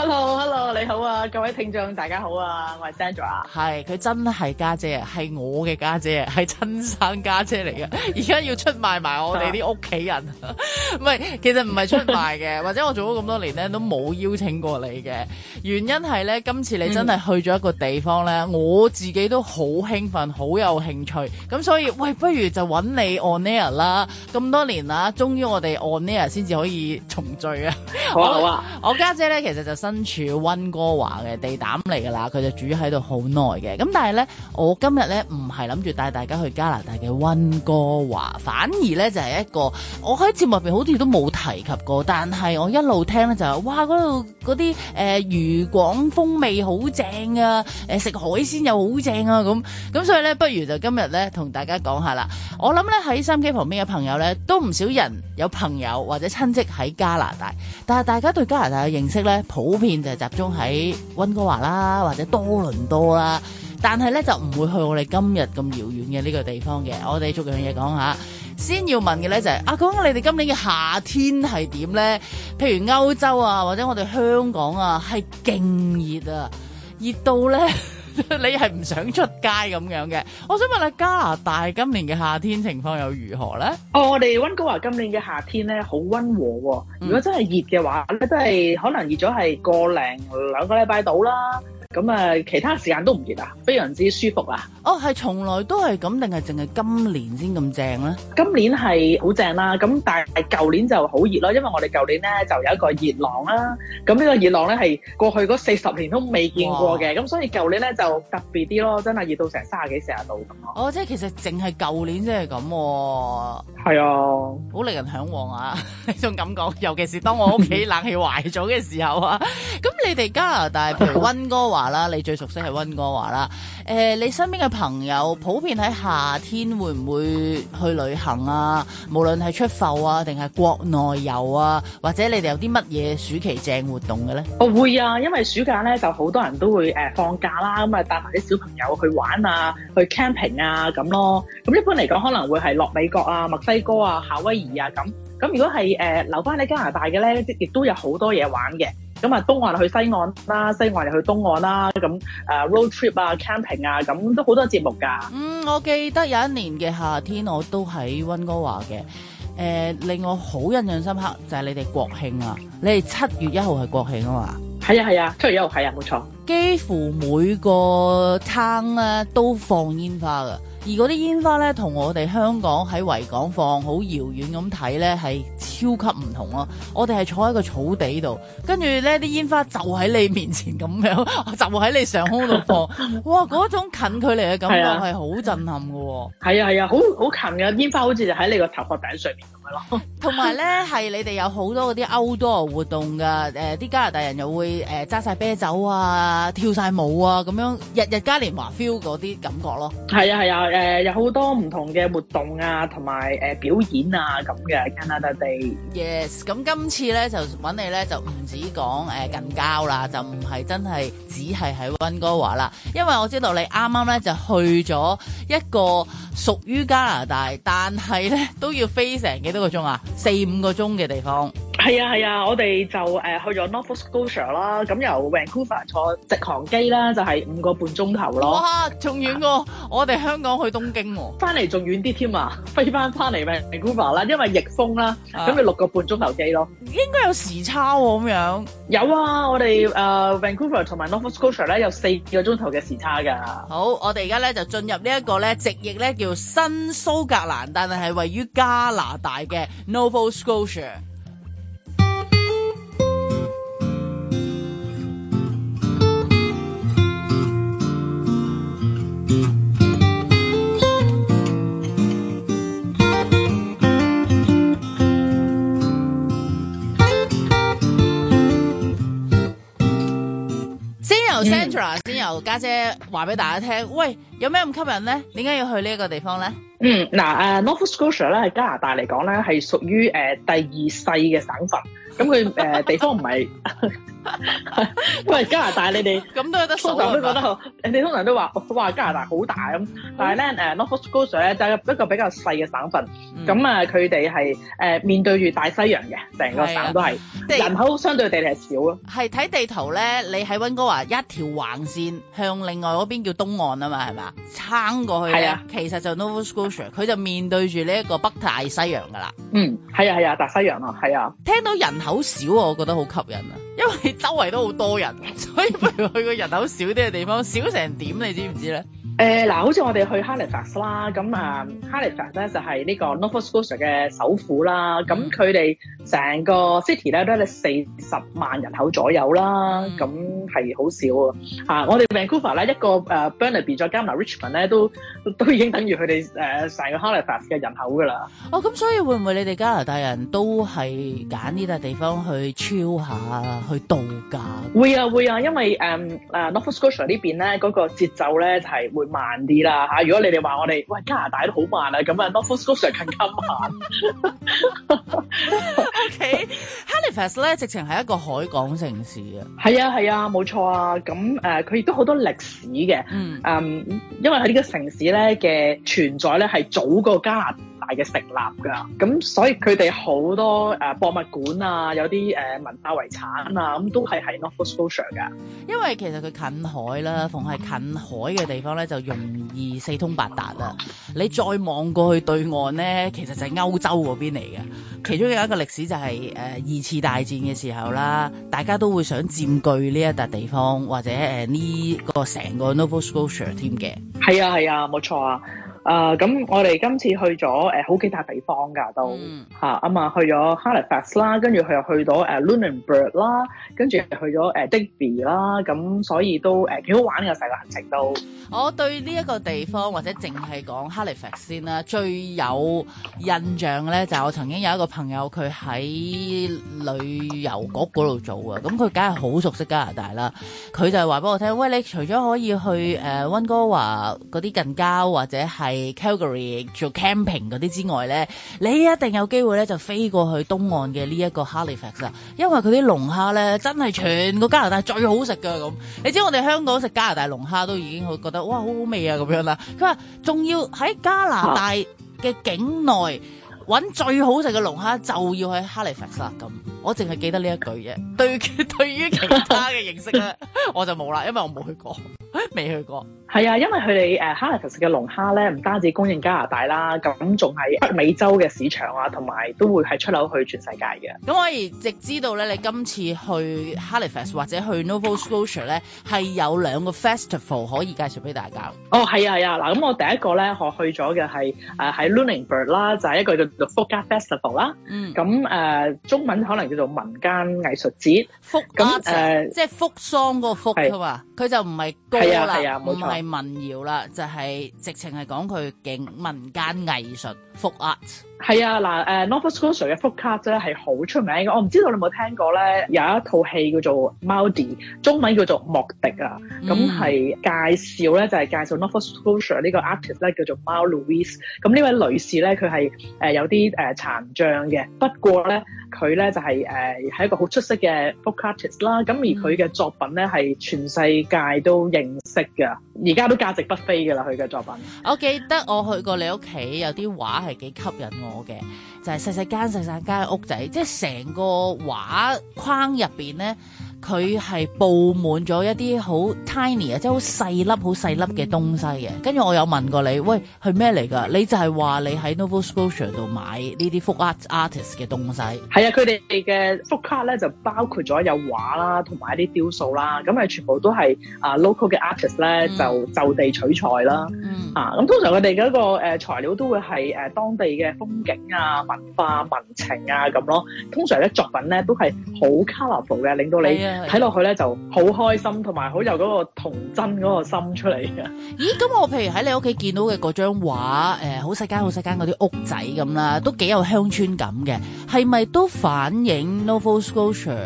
Hello，Hello，hello，你好啊，各位聽眾，大家好啊，我係 Sandra。係，佢真係家姐啊，係我嘅家姐啊，係親生家姐嚟嘅，而、嗯、家要出賣埋我哋啲屋企人，唔、啊、係，其實唔係出賣嘅， 或者我做咗咁多年咧，都冇邀請過你嘅。原因係咧，今次你真係去咗一個地方咧，嗯，我自己都好興奮，好有興趣。咁所以，喂，不如就揾你 on air 啦。咁多年啦，終於我哋 on air 先至可以重聚啊！好啊，我家、啊、姐咧，其實就新。身處溫哥華嘅地膽嚟噶啦，佢就住喺度好耐嘅。咁但係呢，我今日呢唔係諗住帶大家去加拿大嘅溫哥華，反而呢就係、是、一個我喺節目入邊好似都冇提及過，但係我一路聽呢，就係、是、哇嗰度嗰啲誒漁港風味好正啊，誒、呃、食海鮮又好正啊，咁咁所以呢，不如就今日呢同大家講下啦。我諗呢，喺三 K 旁邊嘅朋友呢，都唔少人有朋友或者親戚喺加拿大，但係大家對加拿大嘅認識呢。普遍就係集中喺溫哥華啦，或者多倫多啦，但係咧就唔會去我哋今日咁遙遠嘅呢個地方嘅。我哋逐樣嘢講下，先要問嘅咧就係、是、啊，講你哋今年嘅夏天係點咧？譬如歐洲啊，或者我哋香港啊，係勁熱啊，熱到咧。 你係唔想出街咁樣嘅？我想問下加拿大今年嘅夏天情況又如何呢？哦，我哋溫哥華今年嘅夏天呢，好溫和喎、哦嗯。如果真係熱嘅話咧，都係可能熱咗係個零兩個禮拜到啦。咁啊，其他時間都唔熱啊，非常之舒服啊！哦，係從來都係咁定係淨係今年先咁正咧？今年係好正啦，咁但係舊年就好熱咯，因為我哋舊年咧就有一個熱浪啦，咁呢個熱浪咧係過去嗰四十年都未見過嘅，咁所以舊年咧就特別啲咯，真係熱到成卅幾四十度咁咯。哦，即係其實淨係舊年先係咁，係啊，好、啊、令人向往啊呢種感覺，尤其是當我屋企冷氣壞咗嘅時候啊。咁 你哋加拿大平均温度？譬如溫哥 話啦，你最熟悉係溫哥華啦。誒、呃，你身邊嘅朋友普遍喺夏天會唔會去旅行啊？無論係出埠啊，定係國內遊啊，或者你哋有啲乜嘢暑期正活動嘅咧？我會啊，因為暑假咧就好多人都會誒、呃、放假啦，咁啊帶埋啲小朋友去玩啊，去 camping 啊咁咯。咁一般嚟講，可能會係落美國啊、墨西哥啊、夏威夷啊咁。咁如果係誒、呃、留翻喺加拿大嘅咧，亦都有好多嘢玩嘅。咁啊，東岸去西岸啦，西岸又去東岸啦，咁、啊、road trip 啊、camping 啊，咁都好多節目噶。嗯，我記得有一年嘅夏天，我都喺溫哥華嘅，誒、呃、令我好印象深刻就係、是、你哋國慶、國慶啊，你哋七月一號係國慶啊嘛？係啊係啊，七月一號係啊，冇錯。幾乎每個餐呢都放煙花噶。而嗰啲煙花咧，同我哋香港喺維港放好遙遠咁睇咧，係超級唔同咯。我哋係坐喺個草地度，跟住咧啲煙花就喺你面前咁樣，就喺你上空度放。 哇！嗰種近距離嘅感覺係好震撼喎。係啊係啊，好好、啊啊、近嘅煙花好似就喺你個頭髮頂上面。同埋咧，係你哋有好多嗰啲歐多活動噶，誒、呃，啲加拿大人又會誒揸晒啤酒啊，跳晒舞啊，咁樣日日嘉年華 feel 嗰啲感覺咯。係啊係啊，誒、啊呃、有好多唔同嘅活動啊，同埋誒表演啊咁嘅加拿大地。Yes，咁今次咧就搵你咧就唔止講誒、呃、近郊啦，就唔係真係只係喺溫哥華啦，因為我知道你啱啱咧就去咗一個屬於加拿大，但係咧都要飛成幾多。一個鐘啊，四五個鐘嘅地方。係啊係啊，我哋就誒、呃、去咗 Nova Scotia 啦，咁由 Vancouver 坐直航機啦，就係、是、五個半鐘頭咯。哇，仲遠過我哋香港去東京、啊，翻嚟仲遠啲添啊！飛翻翻嚟 Vancouver 啦，因為逆風啦，咁你六個半鐘頭機咯。應該有時差咁、啊、樣。有啊，我哋誒、嗯 uh, Vancouver 同埋 Nova Scotia 咧有四個鐘頭嘅時差噶。好，我哋而家咧就進入這呢一個咧直譯咧叫新蘇格蘭，但係係位於加拿大。嘅 Nova Scotia 先由 Sandra 先由家姐話俾大家聽，喂，有咩咁吸引咧？點解要去呢一個地方咧？嗯，嗱、呃，誒 Nova Scotia 咧喺加拿大嚟講咧係屬於誒第二細嘅省份，咁佢誒地方唔係，因 為 加拿大你哋咁 都有得數啊，覺得好， 你哋通常都話哇，加拿大好大咁，但係咧誒 Nova Scotia 咧就係、是、一個比較細嘅省份，咁啊佢哋係誒面對住大西洋嘅，成個,、嗯、個省都係，即係、啊，人口相對地係少咯，係睇地圖咧，你喺温哥華一條橫線向另外嗰邊叫東岸啊嘛，係嘛，撐過去係啊，其實就 Nova Scotia。佢就面對住呢一個北大西洋噶啦，嗯，係啊係啊，大西洋啊，係啊，聽到人口少，我覺得好吸引啊，因為周圍都好多人，所以不如去個人口少啲嘅地方，少成點，你知唔知咧？誒、呃、嗱，好似我哋去 Halifax 啦，咁啊 Halifax 咧就係、是、呢個 Nova Scotia 嘅首府啦。咁佢哋成個 city 咧都係四十萬人口左右啦，咁係好少啊！我哋 Vancouver 咧一個誒 Burnaby 再加埋 Richmond 咧都都已經等於佢哋誒成個 Halifax 嘅人口㗎啦。哦，咁所以會唔會你哋加拿大人都係揀呢笪地方去 chill 下，去度假？會啊會啊，因為誒誒、um, uh, Nova Scotia 呢邊咧嗰個節奏咧就係、是、會。慢啲啦嚇！如果你哋話我哋喂加拿大都好慢啊，咁啊，Nova Scotia 更加慢。Okay, Halifax 咧直情係一個海港城市，係啊。係啊，係啊，冇錯啊。咁、嗯、誒，佢亦都好多歷史嘅。嗯，誒，因為喺呢個城市咧嘅存在咧係早過加拿大。係嘅成立噶，咁所以佢哋好多、呃、博物館啊，有啲、呃、文化遺產啊，咁都係喺 Nova Scotia 㗎。因為其實佢近海啦，逢係近海嘅地方咧，就容易四通八達啦。你再望過去對岸咧，其實就係歐洲嗰邊嚟嘅。其中有一個歷史就係、是呃、二次大戰嘅時候啦，大家都會想佔據呢一笪地方或者呢、呃這個成個 Nova Scotia 添嘅。係啊，係啊，冇錯啊。啊，咁我哋今次去咗誒、呃、好幾笪地方噶都吓、mm. 啊去咗 Halifax 啦，跟住佢又去到誒 Lunenburg 啦，跟住去咗誒 Digby 啦，咁、嗯、所以都誒幾、呃、好玩嘅成個行程都。我對呢一個地方或者淨係講 Halifax 先啦，最有印象咧就係、是、我曾經有一個朋友佢喺旅遊局度做啊，咁佢梗係好熟悉加拿大啦。佢就係話俾我聽，喂，你除咗可以去誒溫哥華嗰啲近郊或者係。Calgary 做 camping 嗰啲之外咧，你一定有機會咧就飛過去東岸嘅呢一個 Halifax 啦，因為佢啲龍蝦咧真係全個加拿大最好食㗎咁。你知我哋香港食加拿大龍蝦都已經覺得哇好好味啊咁樣啦。佢話仲要喺加拿大嘅境內揾最好食嘅龍蝦就要喺 Halifax 啦咁。我淨係記得呢一句啫，對對於其他嘅認識咧我就冇啦，因為我冇去過。未去過，係啊，因為佢哋誒 Halifax 嘅龍蝦咧，唔、啊、單止供應加拿大啦，咁仲係北美洲嘅市場啊，同埋都會係出口去全世界嘅。咁我而直知道咧，你今次去 Halifax 或者去 Nova Scotia 咧，係有兩個 festival 可以介紹俾大家。哦，係啊，係啊，嗱，咁我第一個咧，我去咗嘅係誒喺、呃、Lunenburg 啦，就係、是、一個叫做福加 festival 啦。嗯。咁、啊、誒中文可能叫做民間藝術節。福加誒、呃，即係福桑嗰個福啊嘛，佢就唔係。係啊，係啊，唔係民謠啦，就係、是、直情係講佢嘅民間藝術 folk art。係 啊，嗱、呃，誒 Nova Scotia 嘅 folk art 咧係好出名嘅。我唔知道你有冇聽過咧，有一套戲叫做《Maudie》，中文叫做《莫迪》啊、嗯。咁係介紹咧，就係、是、介紹 Nova Scotia 個呢個 artist 咧，叫做 Maud Lewis。咁呢位女士咧，佢係誒有啲誒殘障嘅，不過咧佢咧就係誒係一個好出色嘅 folk artist 啦。咁而佢嘅作品咧係全世界都認識嘅，而家都價值不菲㗎啦。佢嘅作品，我記得我去過你屋企，有啲畫係幾吸引我。我嘅就係細細間細細間屋仔，即係成個畫框入邊咧。佢係布滿咗一啲好 tiny 啊，即係好細粒、好細粒嘅東西嘅。跟住我有問過你，喂，係咩嚟㗎？你就係話你喺 n o v a Scotia 度買呢啲福 Art Artist 嘅東西。係啊，佢哋嘅福卡咧就包括咗有畫啦，同埋啲雕塑啦。咁係全部都係啊 local 嘅 artist 咧，就就地取材啦。嗯、啊，咁通常佢哋嗰個誒材料都會係誒、啊、當地嘅風景啊、文化、民情啊咁咯。通常咧作品咧都係好 c o l o r f u l 嘅，令到你。睇落去咧就好開心，同埋好有嗰個童真嗰個心出嚟嘅。咦？咁我譬如喺你屋企見到嘅嗰張畫，誒、呃，好細間好細間嗰啲屋仔咁啦，都幾有鄉村感嘅，係咪都反映 Nova Scotia？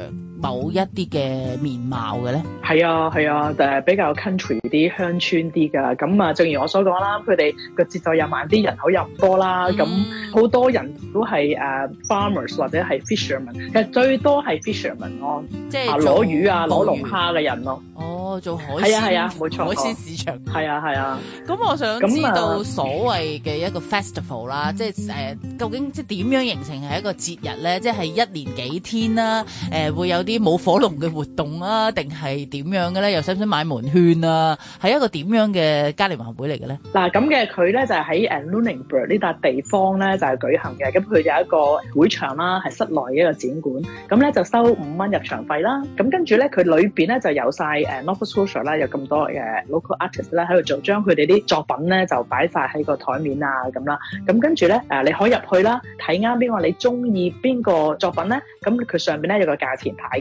某一啲嘅面貌嘅咧，係啊係啊，誒、啊就是、比較 country 啲鄉村啲噶，咁啊正如我所講啦，佢哋個節奏又慢，啲人口又唔多啦，咁、嗯、好多人都係誒、uh, farmers 或者係 fisherman，其實最多係 fisherman 咯、啊，即係攞魚啊攞龍蝦嘅人咯、啊。哦，做海鮮，係啊係啊，冇錯、啊，海鮮市場，係啊係啊。咁、啊、我想知道、嗯、所謂嘅一個 festival 啦，嗯、即係誒、呃、究竟即係點樣形成係一個節日咧、嗯？即係一年幾天啦、啊？誒、呃、會有啲。啲冇火龍嘅活動啊，定係點樣嘅咧？又使唔使買門券啊？係一個點樣嘅嘉年華會嚟嘅咧？嗱，咁嘅佢咧就喺 Lunenburg 呢笪地方咧就係、是、舉行嘅。咁佢有一個會場啦，係室內嘅一個展館。咁咧就收五蚊入場費啦。咁跟住咧佢裏面咧就有晒誒、uh, Nova Scotia 啦，有咁多嘅 local artist 啦，喺度做，將佢哋啲作品咧就擺晒喺個台面啊咁啦。咁跟住咧你可以入去啦，睇啱邊個你中意邊個作品咧？咁佢上面咧有個價錢牌。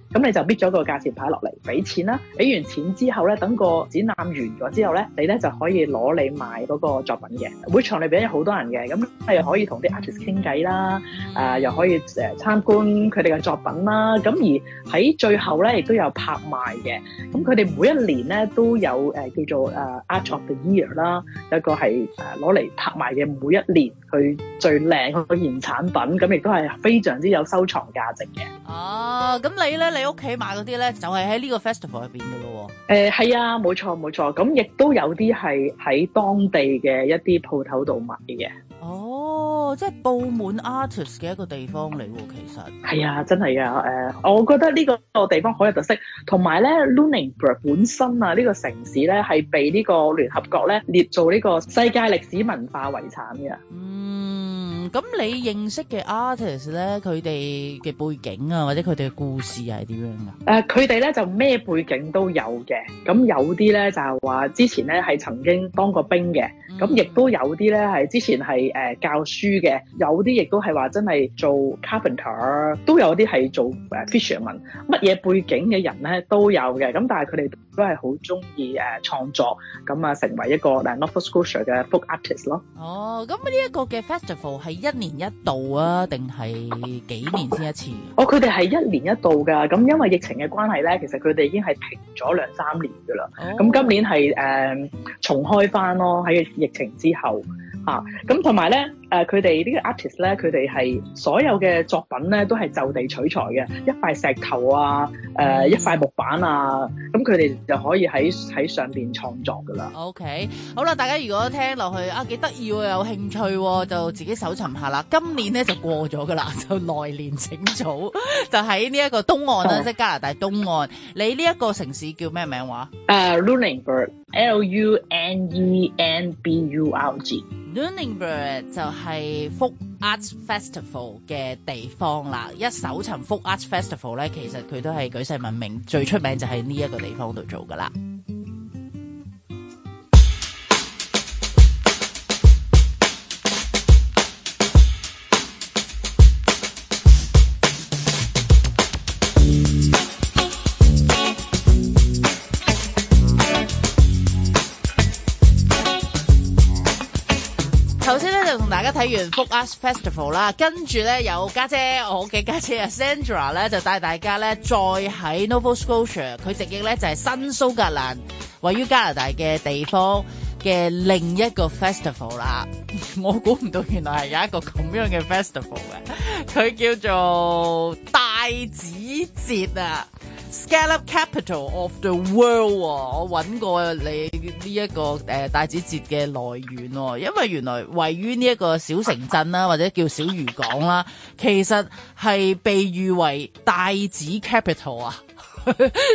咁你就搣咗個價錢牌落嚟，俾錢啦。俾完錢之後咧，等個展覽完咗之後咧，你咧就可以攞你買嗰個作品嘅。會場裏邊有好多人嘅，咁你可以同啲 artist 傾偈啦，啊又可以誒、呃呃、參觀佢哋嘅作品啦。咁而喺最後咧，亦都有拍賣嘅。咁佢哋每一年咧都有、呃、叫做誒、呃、Art of the Year 啦，有個係攞嚟拍賣嘅，每一年佢最靚嗰個現產品，咁亦都係非常之有收藏價值嘅。哦、啊，咁你咧你？喺屋企買嗰啲咧，就係喺呢個 festival 入邊噶咯。誒，係、呃、啊，冇錯，冇錯，咁亦都有啲係喺當地嘅一啲鋪頭度買嘅。哦。哦，即係布滿 artist 嘅一個地方嚟，其實係啊，真係啊，誒、呃，我覺得呢個地方好有特色，同埋咧 Leningrad 本身啊，呢個城市咧係被呢個聯合國咧列做呢個世界歷史文化遺產嘅。嗯，咁你認識嘅 artist 咧，佢哋嘅背景啊，或者佢哋嘅故事係點樣噶？誒、呃，佢哋咧就咩背景都有嘅，咁有啲咧就係話之前咧係曾經當過兵嘅，咁亦都有啲咧係之前係誒、呃、教書。嘅有啲亦都係話真係做 carpenter，有做的都有啲係做 fisherman，乜嘢背景嘅人咧都有嘅。咁但係佢哋都係好中意誒創作咁啊，成為一個 Nova Scotia 嘅 folk artist 咯。哦，咁呢一個嘅 festival 係一年一度啊，定係幾年先一次？哦，佢哋係一年一度噶。咁因為疫情嘅關係咧，其實佢哋已經係停咗兩三年噶啦。咁、哦、今年係誒、呃、重開翻咯，喺疫情之後嚇。咁同埋咧。誒佢哋呢個 artist 咧，佢哋係所有嘅作品咧都係就地取材嘅，一塊石頭啊，呃、一塊木板啊，咁佢哋就可以喺喺上面創作噶啦。OK，好啦，大家如果聽落去啊，幾得意喎，有興趣就自己搜尋下啦。今年咧就過咗噶啦，就來年請早。 就喺呢一個東岸啦、哦，即係加拿大東岸。你呢一個城市叫咩名話？誒 Lunenburg，L-U-N-E-N-B-U-R-G。Lunenburg 就是。係 Folk Arts Festival 嘅地方啦，一搜尋 Folk Arts Festival 咧，其實佢都係舉世聞名，最出名就係呢一個地方度做㗎啦。原福 us Festival 啦，跟住咧有家姐，姐，我嘅家姐阿 Sandra 咧就帶大家咧再喺 Nova Scotia，佢直譯咧就係、是、新蘇格蘭，位於加拿大嘅地方。嘅另一個 festival 啦， 我估唔到原來係有一個咁樣嘅 festival 嘅，佢 叫做帶子節啊，Scallop Capital of the World 喎、啊，我揾過你呢、這、一個、呃、帶子節嘅來源喎、啊，因為原來位於呢一個小城鎮啦、啊，或者叫小漁港啦、啊，其實係被譽為帶子 capital 啊。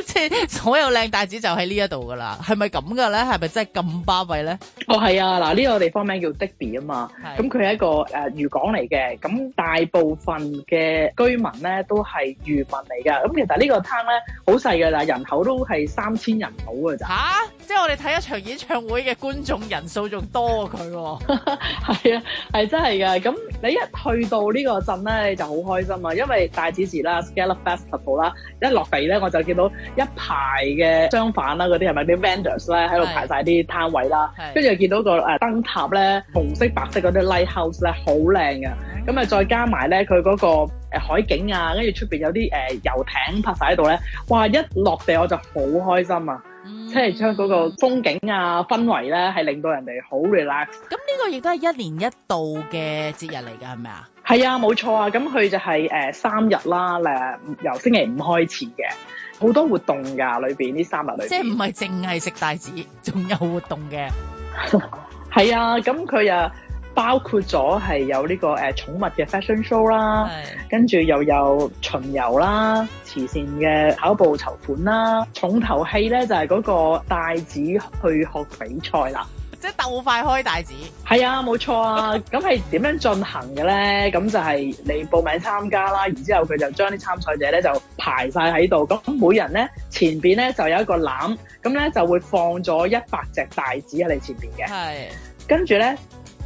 即係所有靚帶子就喺呢一度噶啦，係咪咁噶咧？係咪真係咁巴閉咧？哦，係啊，嗱，呢個地方名叫迪比啊嘛，咁佢係一個誒漁港嚟嘅，咁大部分嘅居民咧都係漁民嚟噶，咁其實呢個灘咧好細噶啦，人口都係三千人口啊咋？即係我哋睇一場演唱會嘅觀眾人數仲多過佢，係啊，係、哦、 真係噶。咁你一去到呢個鎮咧，你就好開心啊，因為大指此時啦，Scallop Festival 啦，一落地咧，我就見到一排嘅商販啦，嗰啲係咪啲 vendors 咧，喺度、嗯、排晒啲攤位啦，跟住又見到個誒燈塔咧、嗯，紅色白色嗰啲 lighthouse 咧，好靚噶。咁、嗯、啊，再加埋咧，佢嗰個誒海景啊，跟住出邊有啲誒、呃、遊艇泊晒喺度咧，哇！一落地我就好開心啊。嗯、即係將嗰個風景啊氛圍咧，係令到人哋好 relax。咁、嗯、呢個亦都係一年一度嘅節日嚟噶，係咪 啊？係啊，冇錯啊。咁佢就係誒三日啦，誒由星期五開始嘅，好多活動噶裏邊呢三日裏面即係唔係淨係食帶子，仲有活動嘅。係 啊，咁佢啊。包括咗係有呢個誒寵物嘅 fashion show 啦，跟住又有巡遊啦、慈善嘅跑步籌款啦，重頭戲呢就係、係、嗰個帶子去學比賽啦，即係鬥快開帶子。係啊，冇錯啊。咁係點樣進行嘅呢？咁 就係你報名參加啦，然之後佢就將啲參賽者呢就排晒喺度，咁每人呢，前面呢就有一個籃，咁呢就會放咗一百隻帶子喺你前面嘅，係跟住呢。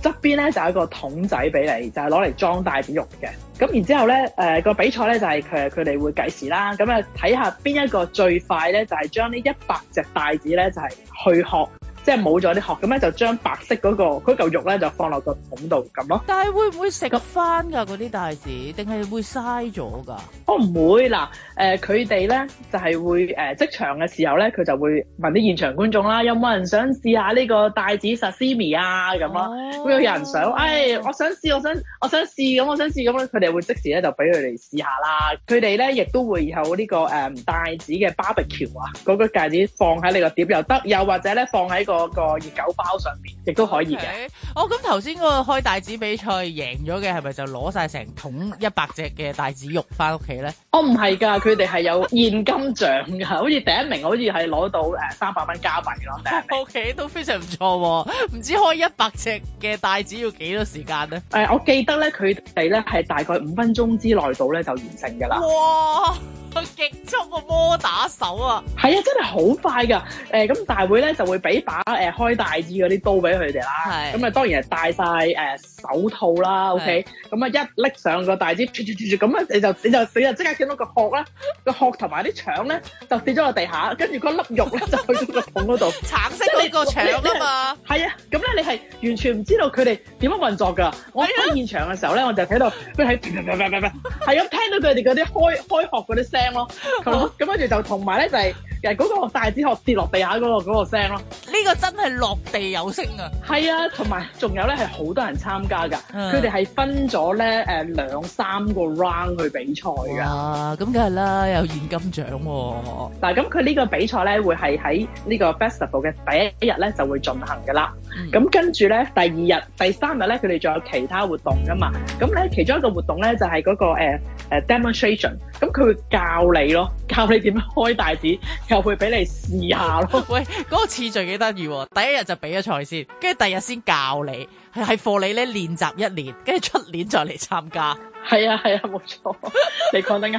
側邊咧就有一個桶仔俾你，就係攞嚟裝帶子肉嘅。咁然之後咧，誒、呃、那個比賽咧就係佢佢哋會計時啦。咁啊睇下邊一個最快咧，就係、是、將呢一百隻帶子咧就係、是、去殼。即係冇咗啲殼咁咧，就將白色嗰、那個嗰嚿肉咧，就放落個桶度咁咯。但係會唔會食翻㗎嗰啲帶子定係會嘥咗㗎？我唔會嗱，誒佢哋咧就係、是、會誒、呃、即場嘅時候咧，佢就會問啲現場觀眾啦，有冇人想試下呢個帶子 Sashimi 啊咁咯？咁、哦、有人想，誒、哎、我想試，我想我想試咁，我想試咁咧，佢哋會即時咧就俾佢哋試下啦。佢哋咧亦都會有呢、這個誒帶子嘅 barbecue 啊，嗰、那個戒指放喺你個碟又得，又或者咧放喺個。個、那個熱狗包上邊，亦都可以嘅。我咁頭先嗰個開帶子比賽贏咗嘅，係咪就攞晒成桶一百隻嘅帶子肉翻屋企咧？我唔係㗎，佢哋係有現金獎㗎， 好似第一名好似係攞到誒三百蚊加幣咯。O、okay, K，都非常唔錯喎、啊。唔知道開一百隻嘅帶子要幾多少時間咧？誒、uh,，我記得咧，佢哋咧係大概五分鐘之內到咧就完成㗎啦。哇！佢極速個摩打手啊！係啊，真係好快㗎、欸！誒咁大會咧就會俾把誒開大啲嗰啲刀俾佢哋啦，咁啊當然係戴晒誒手套啦，OK？咁啊一拎上個大支，咁啊你就你就你就即刻見到個殼啦，個殼同埋啲腸咧就跌咗落地下，跟住嗰粒肉咧就去到個桶嗰度。 橙色嗰個、嗰個腸啊嘛，係啊，咁咧你係完全唔知道佢哋點樣運作㗎。我喺現場嘅時候咧、啊，我就睇到佢喺，係啊，聽到佢哋嗰啲開開殼嗰啲聲。咯， 咁咁跟住就同埋咧，就係嗱嗰個大紙鶴跌落地下嗰、那個嗰、那個聲咯。呢、這個真係落地有聲啊！係啊，同埋仲有咧係好多人參加噶，佢哋係分咗咧誒兩三個 round 去比賽噶。哇、啊！咁梗係啦，有現金獎嗱、啊，咁佢呢個比賽咧會係喺呢個 festival 嘅第一日咧就會進行噶啦。咁、嗯、跟住咧第二日、第三日咧佢哋仲有其他活動噶嘛。咁咧其中一個活動咧就係、是、嗰、那個誒誒、呃呃、demonstration，咁、嗯、佢會教你咯，教你點樣開大子，又會俾你試下咯。喂，嗰、那個次序幾得意，第一日就俾咗賽先，跟住第二日先教你，係課你咧練習一年，跟住出年再嚟參加。係啊，係啊，冇錯、啊 說得， 你講得啱，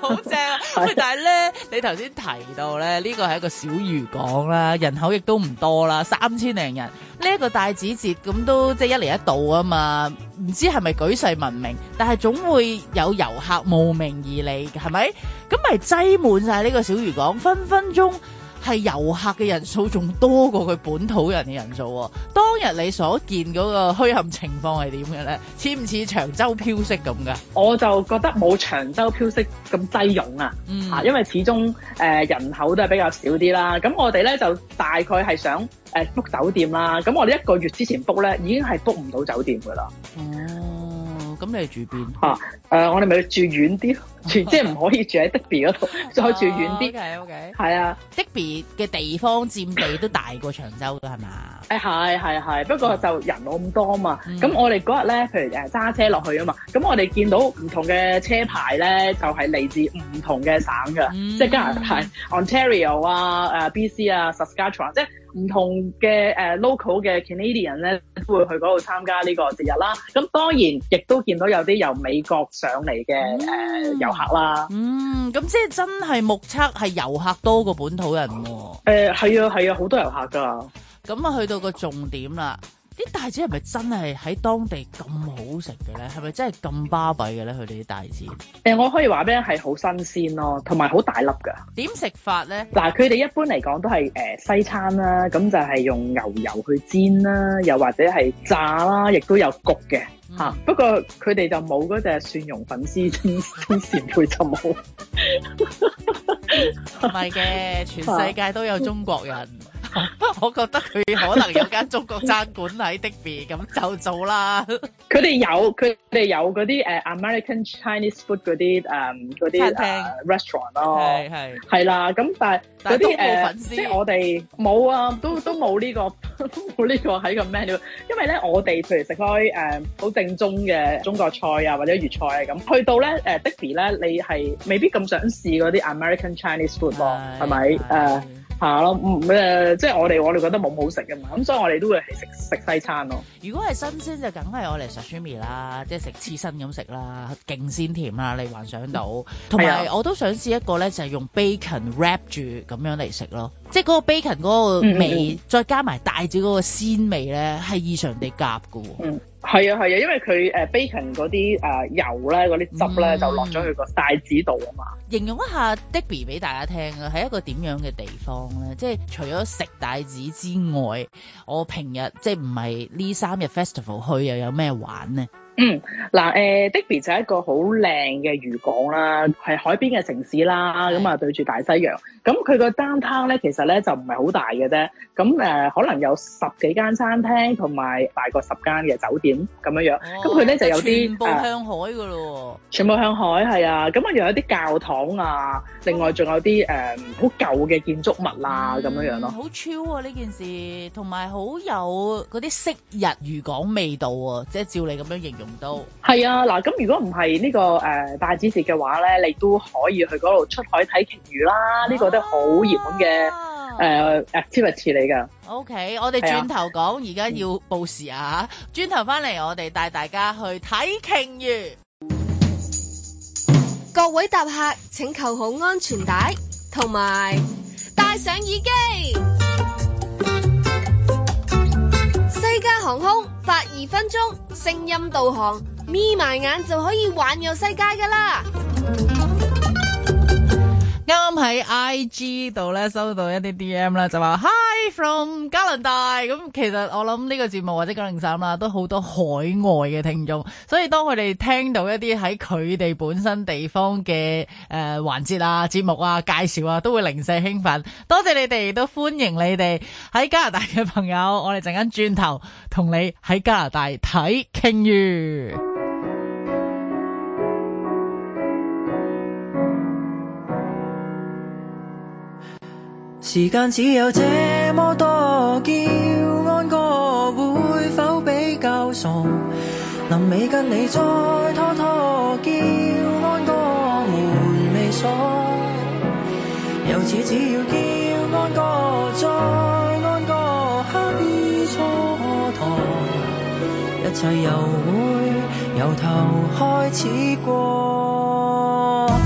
好正。啊但係咧，你頭先提到咧，呢個係一個小漁港啦，人口亦都唔多啦，三千零人。呢、這個、一個帶子節咁都即係一年一度啊嘛，唔知係咪舉世聞名，但係總會有遊客慕名而嚟，係咪？咁咪擠滿晒呢個小漁港，分分鐘。係遊客嘅人數仲多過佢本土人嘅人數，哦。當日你所見嗰個墟冚情況係點嘅咧？似唔似長洲飄色咁嘅？我就覺得冇長洲飄色咁擠擁啊！吓、嗯啊，因為始終誒、呃、人口都係比較少啲啦。咁我哋咧就大概係想誒 book、呃、酒店啦。咁我哋一個月之前 book 咧已經係 book 唔到酒店噶啦。哦，咁你係住邊？吓、啊，誒、呃，我哋咪住遠啲。 即係唔可以住喺 Dubai 嗰度，再住遠啲。O K O K。係啊 Dubai 嘅地方佔地都大過長洲噶係嘛？係係係，不過就人冇咁多嘛。咁、oh. 我哋嗰日咧，譬如誒揸車落去啊嘛，咁我哋見到唔同嘅車牌咧，就係、是、嚟自唔同嘅省噶，mm -hmm. 即係加拿大 Ontario 啊、誒 BC 啊、Saskatchewan 即係唔同嘅誒、呃、local 嘅 Canadian 咧，會去嗰度參加呢個節日啦。咁當然亦都見到有啲由美國上嚟嘅誒遊。Mm -hmm. 呃客啦，嗯，咁即係真係目測係遊客多過本土人喎。誒，係啊，係、呃、啊，好多遊客噶。咁啊，去到個重點啦，啲帶子係咪真係喺當地咁好食嘅咧？係咪真係咁巴閉嘅咧？佢哋啲帶子。誒、呃，我可以話俾你，係好新鮮咯，同埋好大粒噶。點食法咧？嗱，佢哋一般嚟講都係誒、呃、西餐啦，咁就係用牛油去煎啦，又或者係炸啦，亦都有焗嘅。.嚇、嗯！不過佢哋就冇嗰隻蒜蓉粉絲蒸扇貝，就冇。唔係嘅，全世界都有中國人。 我覺得佢可能有間中國餐館喺 d i x 咁就做啦。佢哋有，佢哋有嗰啲誒 American Chinese food 嗰啲誒啲餐廳、uh, restaurant 咯。係係係啦，咁但係嗰啲誒，粉絲、呃、我哋冇啊，都都冇呢、這個冇呢 個喺個 menu。因為咧，我哋譬如食開誒好、uh, 正宗嘅中國菜啊，或者粵菜啊咁，去到咧誒 d i x 咧，你係未必咁想試嗰啲 American Chinese food 咯，係咪誒？下、嗯、咯，唔、呃、即係我哋我哋覺得冇好食嘅嘛，咁所以我哋都會食食西餐咯。如果係新鮮就梗係我哋 Sashimi 啦，即係食刺身咁食啦，勁鮮甜啦，你幻想到。同、嗯、埋、嗯、我都想試一個咧，就係、是、用 bacon wrap 住咁樣嚟食咯，即係嗰個 bacon 嗰個味，嗯嗯嗯再加埋帶住嗰個鮮味咧，係異常地夾嘅喎。嗯係啊係啊，因為佢誒 bacon 嗰啲油咧，嗰啲汁咧就落咗去個帶子度啊嘛。形容一下 Digby 俾大家聽啊，係一個點樣嘅地方咧？即係除咗食帶子之外，我平日即係唔係呢三日 festival 去又有咩玩咧？嗯，嗱、呃、Digby 就係一個好靚嘅漁港啦，係海邊嘅城市啦，咁啊對住大西洋。咁佢個 downtown 咧，其實咧就唔係好大嘅啫。咁誒，可能有十幾間餐廳同埋大過十間嘅酒店咁樣樣。咁佢咧就有啲全部向海嘅咯。全部向海係啊，咁啊又有啲教堂啊，另外仲有啲誒好舊嘅建築物啊咁樣樣咯。好超啊呢件事，同埋好有嗰啲昔日漁港味道啊，即係照你咁樣形容都。係啊，嗱，咁如果唔係呢個誒大紫石嘅話咧，你都可以去嗰度出海睇鯨魚啦。呢個。好熱門嘅誒 activity 嚟噶。哦啊呃、OK，我哋轉頭講，而家要報時啊！轉頭翻嚟，回來我哋帶大家去睇鯨魚。各位搭客，請扣好安全帶，同埋戴上耳機。西加 航空發二分鐘聲音導航，眯埋眼就可以環遊世界噶啦！啱啱喺 IG 度咧收到一啲 DM 啦，就話 Hi from 加拿大咁，其實我諗呢個節目或者九零三啦，都好多海外嘅聽眾，所以當佢哋聽到一啲喺佢哋本身地方嘅誒、呃、環節啊、節目啊、介紹啊，都會零舍興奮。多謝你哋，亦都歡迎你哋喺加拿大嘅朋友，我哋陣間轉頭同你喺加拿大睇傾完。時間只有這麼多，叫安哥會否比較傻？臨尾跟你再拖拖，叫安哥門未鎖。由此只要叫安哥再安哥，刻意蹉跎，一切又會由頭開始過。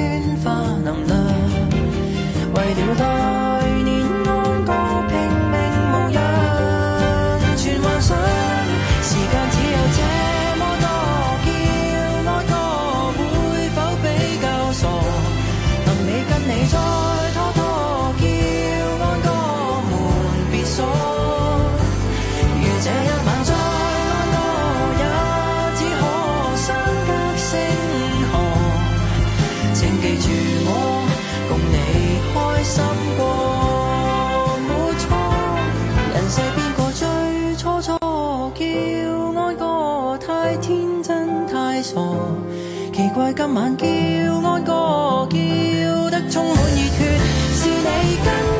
今晚叫安歌，叫得充滿熱血，是你跟。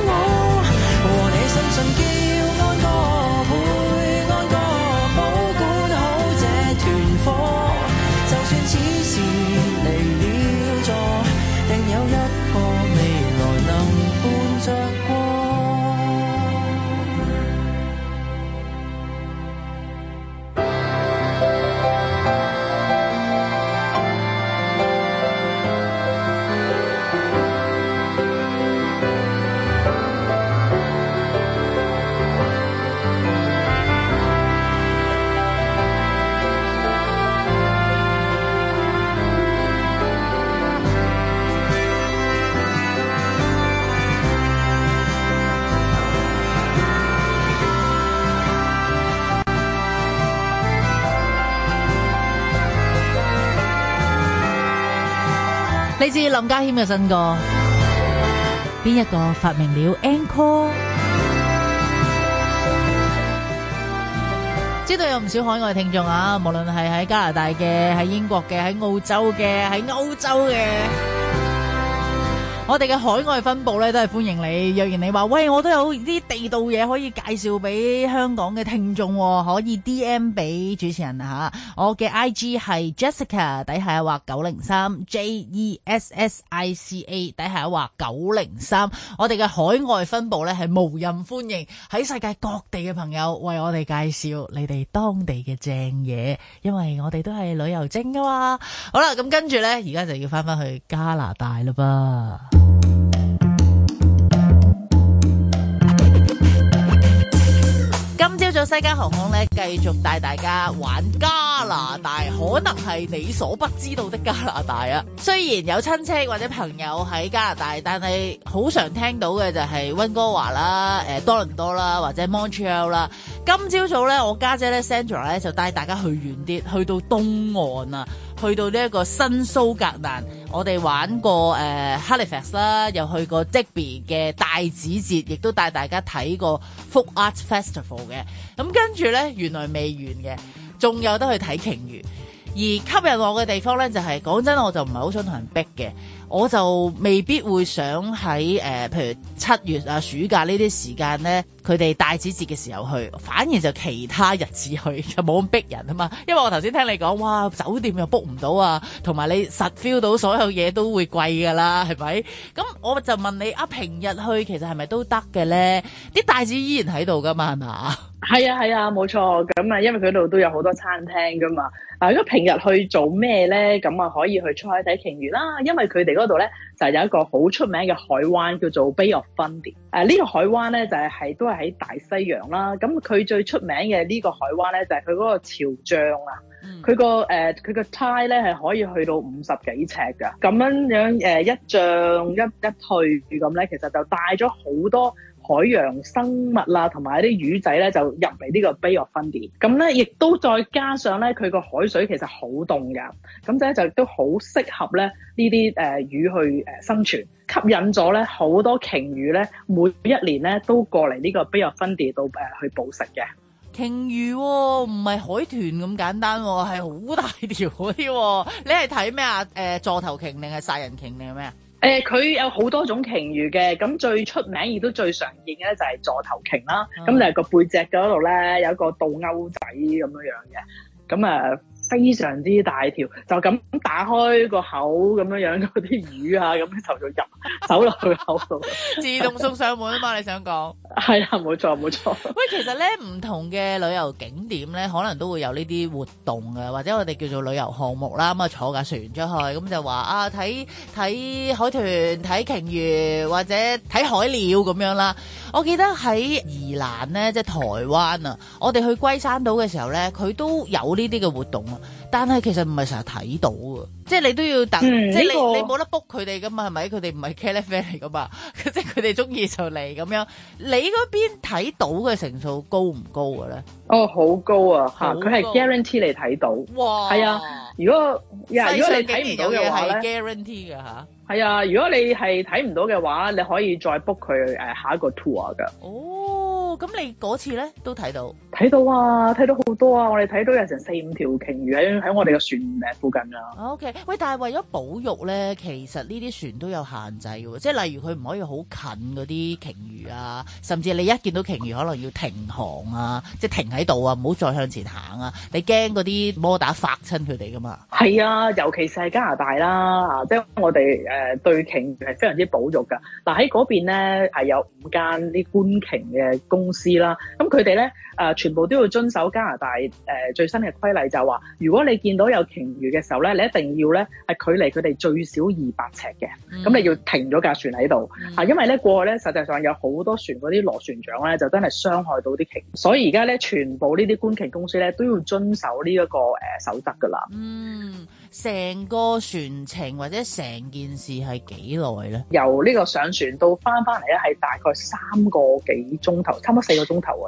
你知林家謙嘅新歌，邊一個發明了《Encore》？知道有唔少海外聽眾啊！無論係喺加拿大嘅，喺英國嘅，喺澳洲嘅，喺歐洲嘅。我哋嘅海外分部咧都係歡迎你。若然你話喂，我都有啲地道嘢可以介紹俾香港嘅聽眾，哦，可以 D M 俾主持人吓，啊。我嘅 I G 係 Jessica 底下話九零三 J E S S I C A 底下話九零三。我哋嘅海外分部咧係無任歡迎喺世界各地嘅朋友為我哋介紹你哋當地嘅正嘢，因為我哋都係旅遊精噶嘛。好啦，咁跟住呢，而家就要翻翻去加拿大啦噃。今朝早西加航空咧，繼續帶大家玩加拿大，可能係你所不知道的加拿大啊！雖然有親戚或者朋友喺加拿大，但係好常聽到嘅就係溫哥華啦、誒、呃、多倫多啦或者 Montreal 啦。今朝早咧，我家姐咧 Sandra 咧就帶大家去遠啲，去到東岸啊！去到呢一個新蘇格蘭，我哋玩過誒、呃、Halifax 啦，又去過 Digby 嘅大指節，亦都帶大家睇過 Folk Art Festival 嘅。咁、嗯、跟住呢，原來未完嘅，仲有得去睇鯨魚。而吸引我嘅地方呢，就係、是、講真，我就唔係好想同人逼嘅。我就未必會想喺誒、呃，譬如七月啊暑假呢啲時間咧，佢哋帶子節嘅時候去，反而就其他日子去就冇咁逼人啊嘛。因為我頭先聽你講，哇，酒店又 book 唔到啊，同埋你實 feel 到所有嘢都會貴噶啦，係咪？咁我就問你啊，平日去其實係咪都得嘅咧？啲帶子依然喺度噶嘛，係嘛？係啊係啊，冇、啊、錯，咁啊，因為佢度都有好多餐廳噶嘛。嗱、啊，如果平日去做咩咧？咁啊可以去出海睇鯨魚啦，因為佢哋嗰度咧就係有一個好出名嘅海灣叫做 Bay of Fundy。誒呢個海灣咧就係、是、係都係喺大西洋啦。咁佢最出名嘅呢個海灣咧就係佢嗰個潮漲啊。佢個誒佢個 tide 咧係可以去到五十幾尺㗎。咁樣樣誒、呃、一漲一一退咁咧，其實就帶咗好多。海洋生物啦、啊，同埋一啲魚仔咧就入嚟呢個 Bay of Fundy，咁咧亦都再加上咧佢個海水其實好凍㗎。咁咧就都好適合咧呢啲誒、呃、魚去生存，吸引咗咧好多鯨魚咧每一年咧都過嚟呢個 Bay of Fundy 度去捕食嘅。鯨魚唔、哦、係海豚咁簡單、哦，係好大條嗰啲、哦。你係睇咩啊？座、呃、頭鯨定係殺人鯨定係咩啊？誒、呃，佢有好多種鯨魚嘅，咁最出名亦都最常見嘅咧就係座頭鯨啦，咁、嗯、就係個背脊嗰度咧有一個倒鈎仔咁樣樣嘅，咁啊～非常之大條，就咁打開個口咁樣樣，嗰啲魚啊咁咧就入，走落去口度， 自動送上門啊嘛！ 你想講？係啊，冇錯冇錯。喂，其實咧唔同嘅旅遊景點咧，可能都會有呢啲活動啊，或者我哋叫做旅遊項目啦。咁啊，坐架船出去，咁就話啊，睇睇海豚、睇鯨魚或者睇海鳥咁樣啦。我記得喺宜蘭咧，即係台灣啊，我哋去龜山島嘅時候咧，佢都有呢啲嘅活動啊。但係其實唔係成日睇到啊，即係你都要等，即係你你冇得 book 佢哋噶嘛，係咪？佢哋唔係 caterer 嚟噶嘛，即係佢哋中意就嚟咁樣。你嗰邊睇到嘅成數高唔高嘅咧？哦，好高啊！吓、啊，佢、啊、係 guarantee 你睇到，哇！係啊，如果呀，如果你睇唔到嘅話 guarantee 嘅吓。係啊，如果你係睇唔到嘅話，、啊啊、話，你可以再 book 佢誒下一個 tour 噶。哦。咁、哦、你嗰次咧都睇到？睇到啊，睇到好多啊！我哋睇到有成四五條鯨魚喺喺我哋嘅船附近啊。OK，喂，但係為咗保育咧，其實呢啲船都有限制嘅，即係例如佢唔可以好近嗰啲鯨魚啊，甚至你一見到鯨魚可能要停航啊，即係停喺度啊，唔好再向前行啊！你驚嗰啲摩打發親佢哋噶嘛？係啊，尤其是喺加拿大啦，即係我哋誒、呃、對鯨魚係非常之保育噶。嗱喺嗰邊咧係有五間啲觀鯨嘅公司啦，咁佢哋咧，誒、呃，全部都要遵守加拿大誒、呃、最新嘅規例就，就話如果你見到有鯨魚嘅時候咧，你一定要咧係佢離佢哋最少二百尺嘅，咁、嗯、你要停咗架船喺度、嗯，因為咧過去咧實際上有好多船嗰啲螺旋槳咧就真係傷害到啲鯨，所以而家咧全部呢啲觀鯨公司咧都要遵守呢、這、一個誒、呃、守則噶啦。嗯成個船程或者成件事係幾耐咧？由呢個上船到翻翻嚟咧，係大概三個幾鐘頭，差唔多四個鐘頭啊！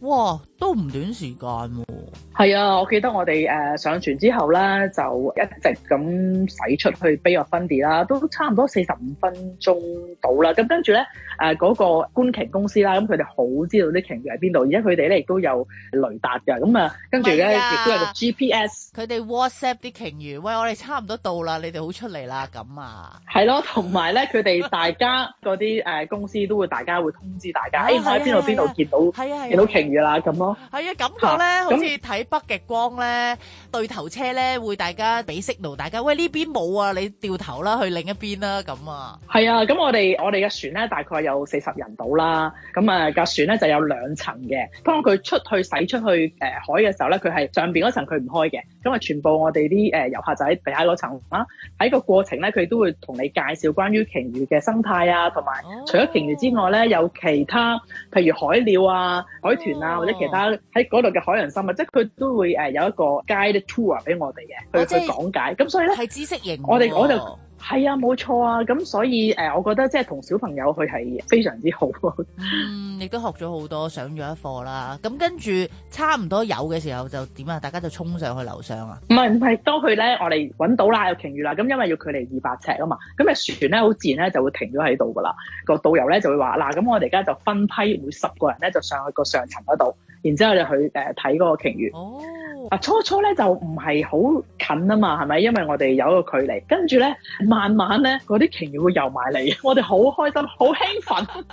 哇，都唔短時間喎、哦。係啊，我記得我哋誒、呃、上船之後咧，就一直咁駛出去 Bay of Fundy 啦，都差唔多四十五分鐘到啦。咁跟住咧，誒、呃、嗰、那個觀鯨公司啦，咁佢哋好知道啲鯨魚喺邊度，而家佢哋咧亦都有雷達㗎。咁啊，跟住咧亦都有個 GPS。佢哋 WhatsApp 啲鯨魚，喂，我哋差唔多到啦，你哋好出嚟啦，咁啊。係咯、啊，同埋咧，佢哋大家嗰啲 公司都會大家會通知大家，誒我喺邊度邊度見到、啊、見到鯨。啦咁咯，係、嗯、啊，感覺咧好似睇北極光咧、啊嗯，對頭車咧會大家俾 signal，大家，喂，呢邊冇啊，你掉頭啦，去另一邊啦咁啊。係啊，咁我哋我哋嘅船咧大概有四十人到啦，咁啊，架船咧就有兩層嘅。當佢出去駛出去誒、呃、海嘅時候咧，佢係上邊嗰層佢唔開嘅，因啊，全部我哋啲誒遊客仔，喺地下嗰層啦。喺個過程咧，佢都會同你介紹關於鯨魚嘅生態啊，同埋除咗鯨魚之外咧、哦，有其他譬如海鳥啊、海豚、哦。啊，或者其他喺嗰度嘅海洋生物，即係佢都會誒有一個 guide tour 俾我哋嘅去、就是、去講解，咁所以咧，係知識型我。我哋我就。係啊，冇錯啊，咁所以誒、呃，我覺得即係同小朋友去係非常之好， 嗯，亦都學咗好多，上咗一課啦。咁跟住差唔多有嘅時候就點啊？大家就衝上去樓上啊？唔係唔係，當佢咧我哋揾到啦，有鯨魚啦，咁因為要距離二百尺啊嘛，咁啊船咧好自然咧就會停咗喺度噶啦，個導遊咧就會話嗱，咁我哋而家就分批每十個人咧就上去個上層嗰度。然之後，你去誒睇嗰個鯨魚。哦、oh. 啊，嗱初初咧就唔係好近啊嘛，係咪？因為我哋有一個距離。跟住咧，慢慢咧，嗰啲鯨魚會游埋嚟，我哋好開心，好興奮。誒、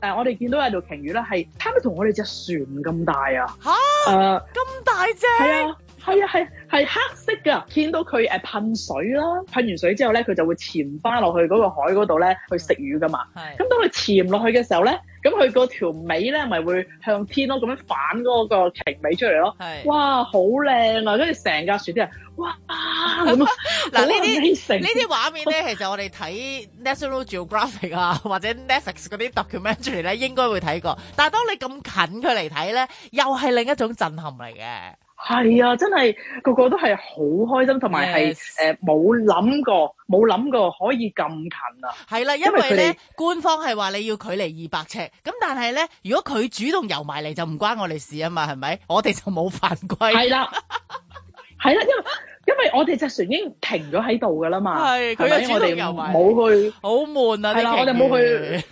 呃，我哋見到有條鯨魚咧，係差唔多同我哋隻船咁大啊！嚇、huh? 呃，咁大隻。係啊，係係黑色噶，見到佢噴水啦，噴完水之後咧，佢就會潛翻落去嗰個海嗰度咧去食魚噶嘛。咁當佢潛落去嘅時候咧，咁佢嗰條尾咧咪會向天咯，咁樣反嗰個鯨尾出嚟咯、啊就是。哇，好靚啊！跟住成架船啲人，哇啊！嗱，呢啲呢啲畫面咧， 其實我哋睇 National Geographic 啊或者 Netflix 嗰啲 documentary 咧，應該會睇過。但係當你咁近佢嚟睇咧，又係另一種震撼嚟嘅。係啊，真係個個都係好開心，同埋係誒冇諗過冇諗過可以咁近啊！係啦，因為咧官方係話你要距離二百尺，咁但係咧，如果佢主動游埋嚟就唔關我哋事啊嘛，係咪？我哋就冇犯規。係啦，係啦，因為因為我哋隻船已經停咗喺度噶啦嘛，佢主動游埋，冇去好悶啊！係啦，我哋冇去，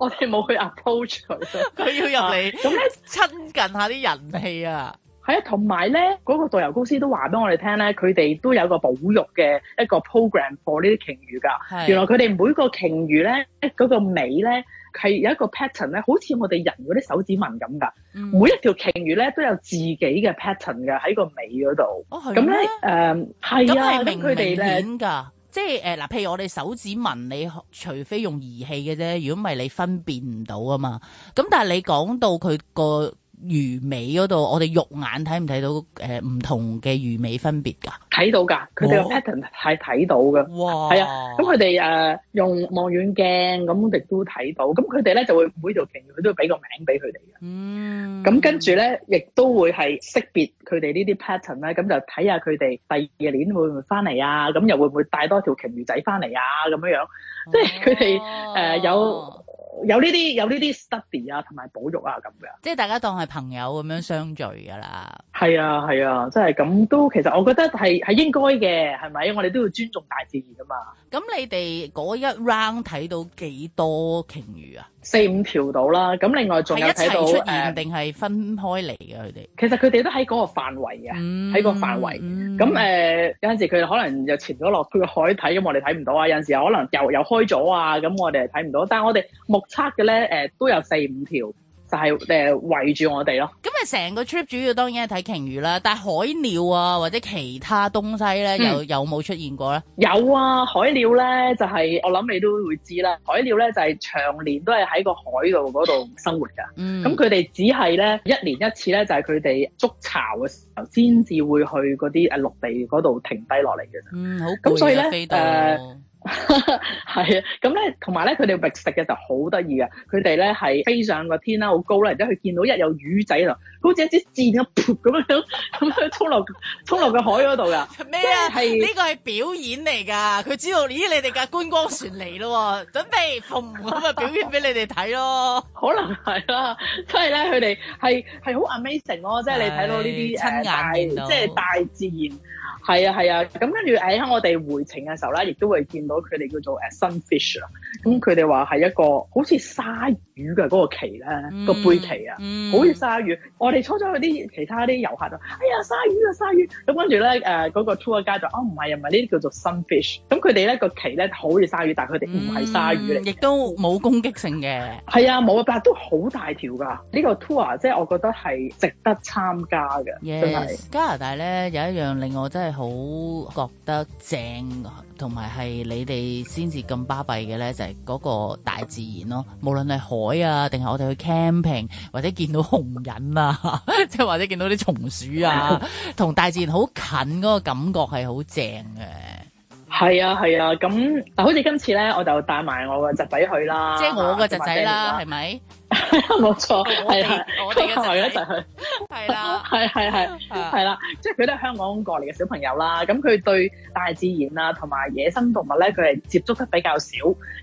我哋冇去 approach 佢，佢要入嚟，咁咧親近下啲人氣啊！係，同埋咧，嗰、那個導遊公司都話俾我哋聽咧，佢哋都有一個保育嘅一個 program for 呢啲鯨魚㗎。原來佢哋每個鯨魚咧，嗰、那個尾咧係有一個 pattern 咧，好似我哋人嗰啲手指紋咁㗎、嗯。每一條鯨魚咧都有自己嘅 pattern 㗎，喺個尾嗰度。哦，咁咧，誒係。咁係明唔明顯㗎，即係誒嗱，譬、呃、如我哋手指紋，你除非用儀器嘅啫，如果唔係你分辨唔到啊嘛。咁但係你講到佢個魚尾嗰度，我哋肉眼睇唔睇到誒唔同嘅魚尾分別㗎？睇到㗎，佢哋個 pattern 係睇到嘅。哇！係啊，咁佢哋誒用望遠鏡咁亦都睇到，咁佢哋咧就會每條鯨魚佢都會俾個名俾佢哋嘅。嗯。咁跟住咧，亦都會係識別佢哋呢啲 pattern 啦，咁就睇下佢哋第二年會唔會翻嚟啊？咁又會唔會帶多條鯨魚仔翻嚟啊？咁樣樣，即係佢哋誒有。有呢啲有呢啲 study 啊，同埋保育啊咁嘅，即係大家當係朋友咁樣相聚㗎啦。係啊係啊，即係咁都其實我覺得係係應該嘅，係咪？我哋都要尊重大自然㗎嘛。咁你哋嗰一 round 睇到幾多鯨魚啊？四五條度啦，咁另外仲有睇到誒，定係、呃、分開嚟嘅佢哋。其實佢哋都喺嗰個範圍嘅，喺個範圍。咁、嗯、誒、嗯嗯嗯嗯、有陣時佢可，可能又潛咗落去海底，咁我哋睇唔到啊。有陣時可能又又開咗啊，咁我哋睇唔到。但係我哋目測嘅咧、呃、都有四五條。就係、是、誒圍住我哋咯。咁啊成個 trip 主要當然係睇鯨魚啦，但係海鳥啊或者其他東西咧、嗯、又有冇出現過咧？有啊，海鳥咧就係、是、我諗你都會知啦，海鳥咧就係、是、長年都係喺個海度嗰度生活噶咁佢哋只係咧一年一次咧就係佢哋築巢嘅時候先至會去嗰啲誒陸地嗰度停低落嚟嘅，咁、嗯啊、所以咧誒。飛係 啊，咁咧，同埋咧，佢哋覓食嘅就好得意嘅，佢哋咧係飛上個天啦，好高啦，然之後佢見到一有魚仔啦，好似一支箭咁咁樣，咁去衝落衝落個海嗰度噶。咩 啊？係呢個係表演嚟噶，佢知道，咦，你哋嘅觀光船嚟咯， 準備，咁啊表演俾你哋睇咯。 可能係啦，即係咧，佢哋係係好 amazing 咯，哦，即 係你睇到呢啲親眼，即、呃、係大、就是、大自然。係啊係啊，咁跟住喺我哋回程嘅時候咧，亦都會見。攞佢哋叫做誒 sunfish 啊。咁佢哋話係一個好似鯊魚嘅嗰、嗰個鰭咧，嗯嗰個背鰭啊，好似鯊魚。嗯、我哋初初去啲其他啲遊客就，哎呀鯊魚啊，鯊魚。咁跟住咧誒嗰個 tour guide 就，哦唔係唔係，呢啲叫做 sunfish。咁佢哋咧個鰭咧好似鯊魚，但佢哋唔係鯊魚嚟。亦、嗯、都冇攻擊性嘅。係 啊，冇啊，但都好大條㗎。呢、呢個 tour 即係我覺得係值得參加嘅，yes, 真係。加拿大咧有一樣令我真係好覺得正，同埋係你哋先至咁巴閉嘅咧。嗰、就是、個大自然咯，無論係海啊，定係我哋去 camping，或者見到熊人啊，即係或者見到啲松鼠啊，同大自然好近個個感覺係好正嘅。係啊係啊，咁嗱、啊，好似今次咧，我就帶埋我個侄仔去啦，即係我個侄仔啦，係、啊、咪？係冇 錯，係啊。我哋一齊去，係啦、啊，係係係係啦，即係佢都係香港過嚟嘅小朋友啦。咁佢對大自然啦同埋野生動物咧，佢係接觸得比較少。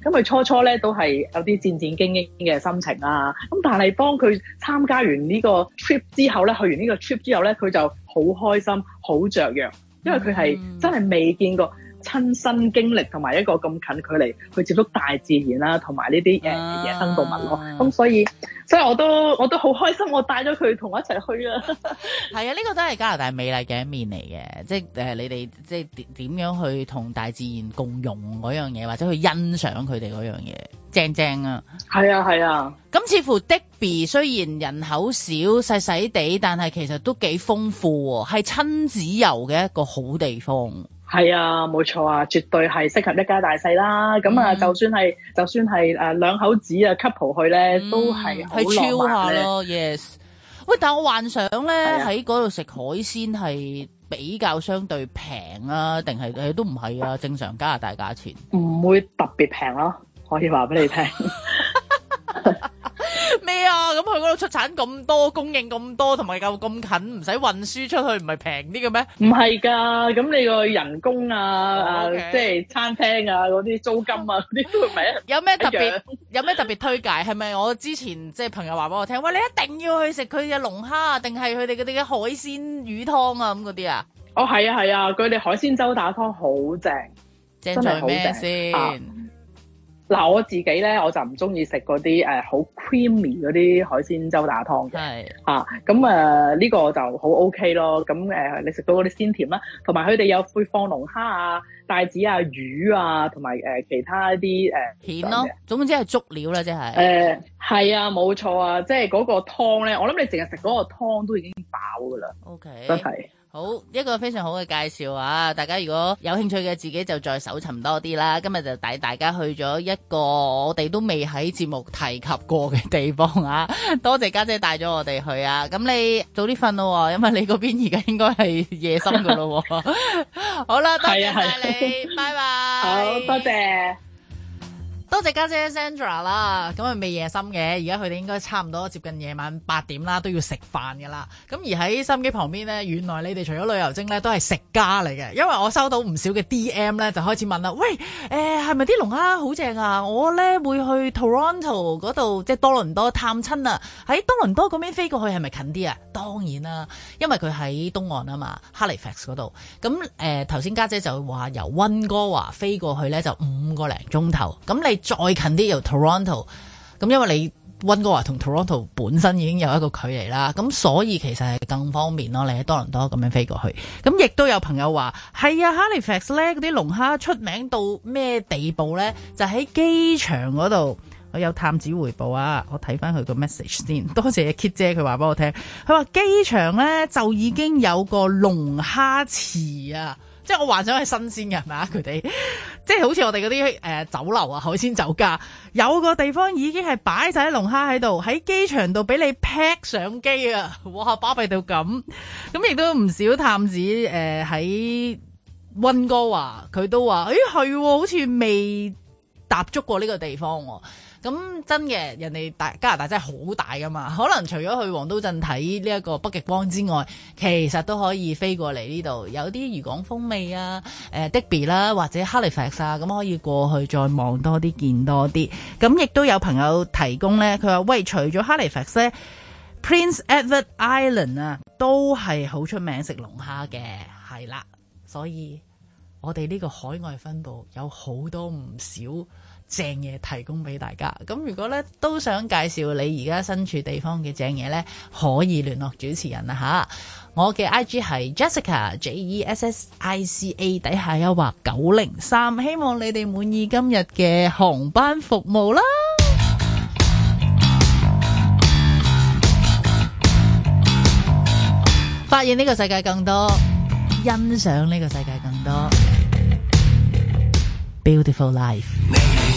咁佢初初咧都係有啲戰戰兢兢嘅心情啦、啊。咁但係當佢參加完呢個 trip 之後咧，去完呢個 trip 之後咧，佢就好開心，好雀躍，因為佢係真係未見過、嗯。親身經歷同埋一個咁近距離去接觸大自然啦，同埋呢啲誒野生動物咯。咁、啊、所以，所以我都我都好開心我帶了他們，我帶咗佢同我一齊去啊。係啊，呢個都係加拿大美麗嘅一面嚟嘅，即係你哋即係點樣去同大自然共用嗰樣嘢，或者去欣賞佢哋嗰樣嘢，正正啊。係啊，係啊。咁似乎 Digby 雖然人口少細細哋，但係其實都幾豐富喎，係親子遊嘅一個好地方。係啊，冇錯啊，絕對係適合一家大細啦。咁啊、嗯，就算係就算係誒兩口子啊 couple 去咧、嗯，都係好浪漫嘅。去超下咯，yes。喂，但我幻想咧喺嗰度食海鮮係比較相對平啊，定係誒都唔係啊？正常加拿大價錢唔會特別平咯、啊，可以話俾你聽。 咩啊？咁佢嗰度出產咁多，供應咁多，同埋夠咁近，唔使運輸出去，唔係平啲嘅咩？唔係㗎，咁你個人工啊，oh, okay. 即係餐廳啊嗰啲租金啊嗰啲，唔係有咩特別？有咩特別推介？係 咪我之前即係朋友話俾我聽，喂、哎，你一定要去食佢嘅龍蝦，定係佢哋嗰啲嘅海鮮魚湯啊咁嗰啲啊？哦，係啊，係啊，佢哋海鮮周打湯好正，正在咩先？嗱，我自己咧，我就唔中意食嗰啲誒好 creamy 嗰啲海鮮粥打湯嘅，咁誒呢個就好 OK 咯。咁、嗯、誒、呃、你食到嗰啲鮮甜啦，同埋佢哋有灰放龍蝦啊、帶子啊、魚啊，同埋、呃、其他一啲誒。鮮、呃、咯，總之係足料啦，即、就、係、是。誒、呃、係啊，冇錯啊，即係嗰個湯咧，我諗你淨係食嗰個湯都已經飽噶啦。OK。好一個非常好嘅介紹啊！大家如果有興趣嘅，自己就再搜尋多啲啦。今日就帶大家去咗一個我哋都未喺節目提及過嘅地方啊！多謝家姐，姐帶咗我哋去啊！咁你早啲瞓咯，因為你嗰邊而家應該係夜深噶啦喎。 好啦，多謝你，拜 拜。好多謝。多謝家姐 Sandra 啦，咁啊未夜深嘅，而家佢哋應該差唔多接近夜晚八點啦，都要食飯噶啦。咁而喺心機旁邊呢，原來你哋除咗旅遊精呢，都係食家嚟嘅。因為我收到唔少嘅 DM 呢，就開始問啦，喂，誒係咪啲龍蝦好正啊？我呢會去 Toronto 嗰度，即係多倫多探親啊。喺多倫多嗰邊飛過去係咪近啲啊？當然啦，因為佢喺東岸啊嘛，Halifax 嗰度。咁誒頭先家姐就話由温哥華飛過去呢，就五個零鐘頭。咁你？再近啲由 Toronto，咁因為你温哥華同 Toronto 本身已經有一個距離啦，咁所以其實係更方便咯。你喺多倫多咁樣飛過去，咁亦都有朋友話係啊，Halifax 咧嗰啲龍蝦出名到咩地步咧？就喺、是、機場嗰度，我有探子回報啊！我睇翻佢個 message 先，多謝 Kit 姐佢話俾我聽，佢話機場咧就已經有個龍蝦池啊！即係我幻想係新鮮嘅，係咪啊？佢哋即係好似我哋嗰啲誒酒樓啊，海鮮酒家有個地方已經係擺曬龍蝦喺度，喺機場度俾你 pack 上機啊！哇，巴閉到咁，咁亦都唔少探子誒喺温哥華，佢都話：，誒、哎、係好似未踏足過呢個地方。咁真嘅，人哋大加拿大真係好大噶嘛？可能除咗去黃都鎮睇呢一個北極光之外，其實都可以飛過嚟呢度，有啲漁港風味啊，呃，Digby 啦，或者 Halifax 啊，咁可以過去再望多啲，見多啲。咁亦都有朋友提供呢，佢話喂，除咗 Halifax 呢，Prince Edward Island 啊，都係好出名食龍蝦嘅，係啦。所以我哋呢個海外分佈有好多唔少。正嘢提供俾大家，咁如果咧，都想介紹你而家身處地方嘅正嘢呢，可以聯絡主持人啦吓。我嘅 I G 係 Jessica J E S S I C A 底下有話九零三，希望你哋滿意今日嘅航班服務啦。發現呢個世界更多，欣賞呢個世界更多，Beautiful Life。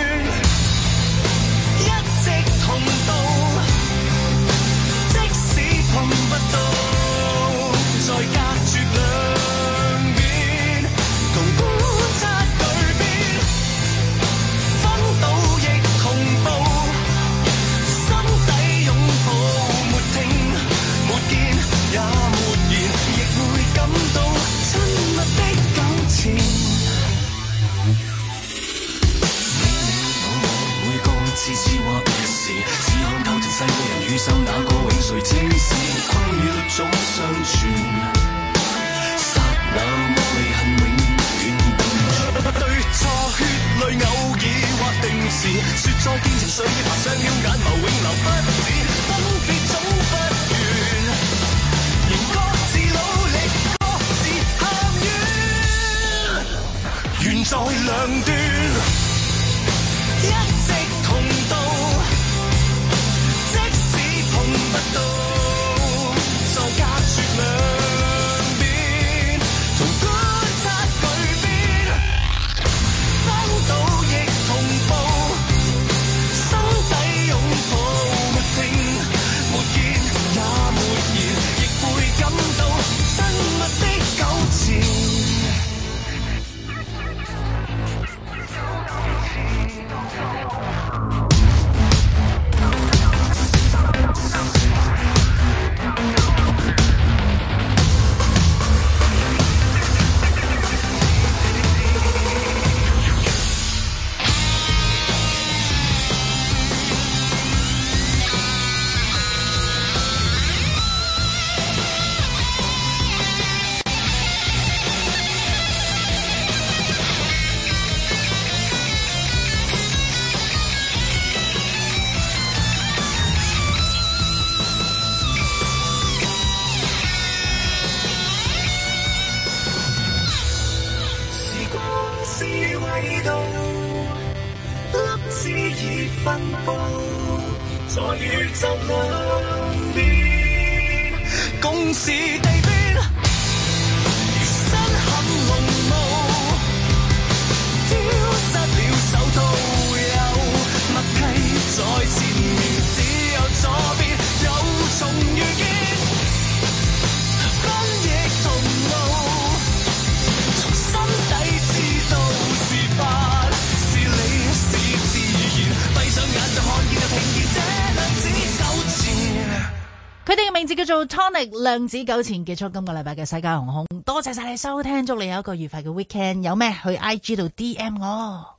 量子糾纏，結束今個禮拜嘅世界航空，多謝晒你收聽，祝你有一個愉快嘅 weekend。有咩去 IG 度 DM 我。